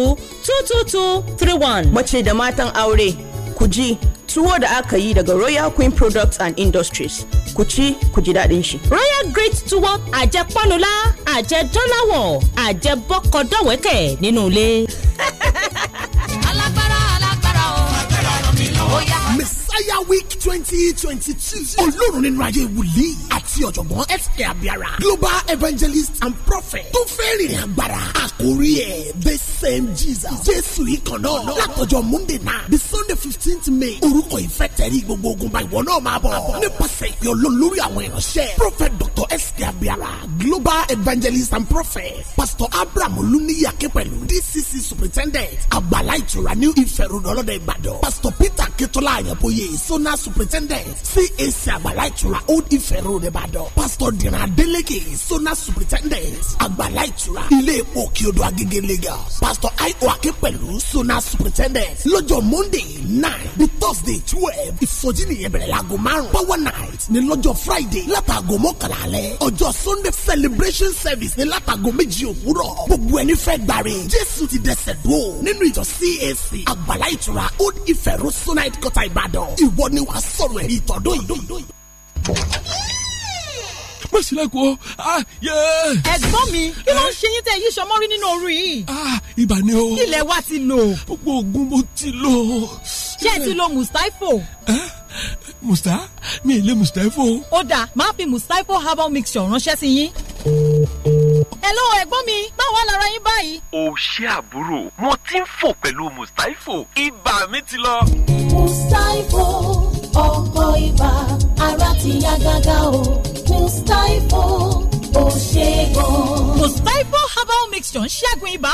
two two two three one. Mace da matan aure ku ji tuwo da aka yi daga Royal Queen Products and Industries. Ku ci ku ji daɗin shi. Royal Great Tuwo àjẹ pọ́nulá àjẹ dọ́làwọ̀ àjẹ bọ́kọ dọ̀wẹ́kẹ̀ nínú ilé. alágbára alágbára o agbára ràn mí lọ́wọ́ messiah week twenty twenty two ọlọ́run nínú ayé wòlíì àti ọ̀jọ̀gbọ́n ẹ̀sìkẹ́ abiyara global evangelist and prophet tó fẹ́ rìnrìn agbára àkórí ẹ̀ the same jesus jésù ìkànnà látọjọ́ monday náà the sunday fifteenth may orúkọ ìfẹ́ tẹ̀rí gbogbo ogun bá ìwọ náà máa bọ̀ nípasẹ̀ ìpè ọlọ́run lórí àwọn ìránṣẹ́ prophet dr ẹ̀sìkẹ́ abiyara global evangelist and prophet pastor abraham olùníyàkẹ́ pẹ̀lú dcc superintendent àgbàlá ìtura new ife road ọlọ́dẹ ìbàdàn pastor peter ketola àyànbóyè aka zona superintendent cac àgbàlá ìtura old ife road ìbàdàn pastor dìran deleke. Sona superintendent àgbàlá ìtura ilé epo kiodo agege lagos pastor ayo akepẹ̀lú zona superintendent lọ́jọ́ monday nine the thursday twelve ìsọjí nìyẹn bẹ̀rẹ̀ láago márùn-ún power night ní lọ́jọ́ friday látàgò mọ́kànlá alẹ́ ọjọ́ sunday celebration service ní látàgò méjì òwúrọ̀ gbogbo ẹni fẹ́ gbàre jésù ti dẹsẹ̀ dúró nínú ìjọ cac àgbàlá ìtura old ife road sonite kọta ìbàdàn ìwọ ni wàá sọ̀rọ̀ ẹ̀ ìtọ́dún yìí má ah ọ́ ẹ̀gbọ́n mi kí ló ń ṣe yín tẹ́ yí sọmọ́ rí nínú orí yìí. Ah, ibà ni o. ilẹ̀ wa ti lò. gbogbo oògùn mo ti lò. ṣé ẹ ti lo mustapho musta mi ì lé mustapho. ó dáa máa fi mustapho herbal mixture ránṣẹ́ sí yín. Hello ẹ̀gbọ́n mi, báwo lára yín báyìí? Ó ṣé àbúrò, wọ́n ti ń fò pẹ̀lú Mustapho, ibà mi ti lọ. Mustapho, ọkọ̀ ibà, ara ti yá gágá o, Mustapho ó ṣe gan. Mustapha herbal mixture ń ṣẹ́gun ibà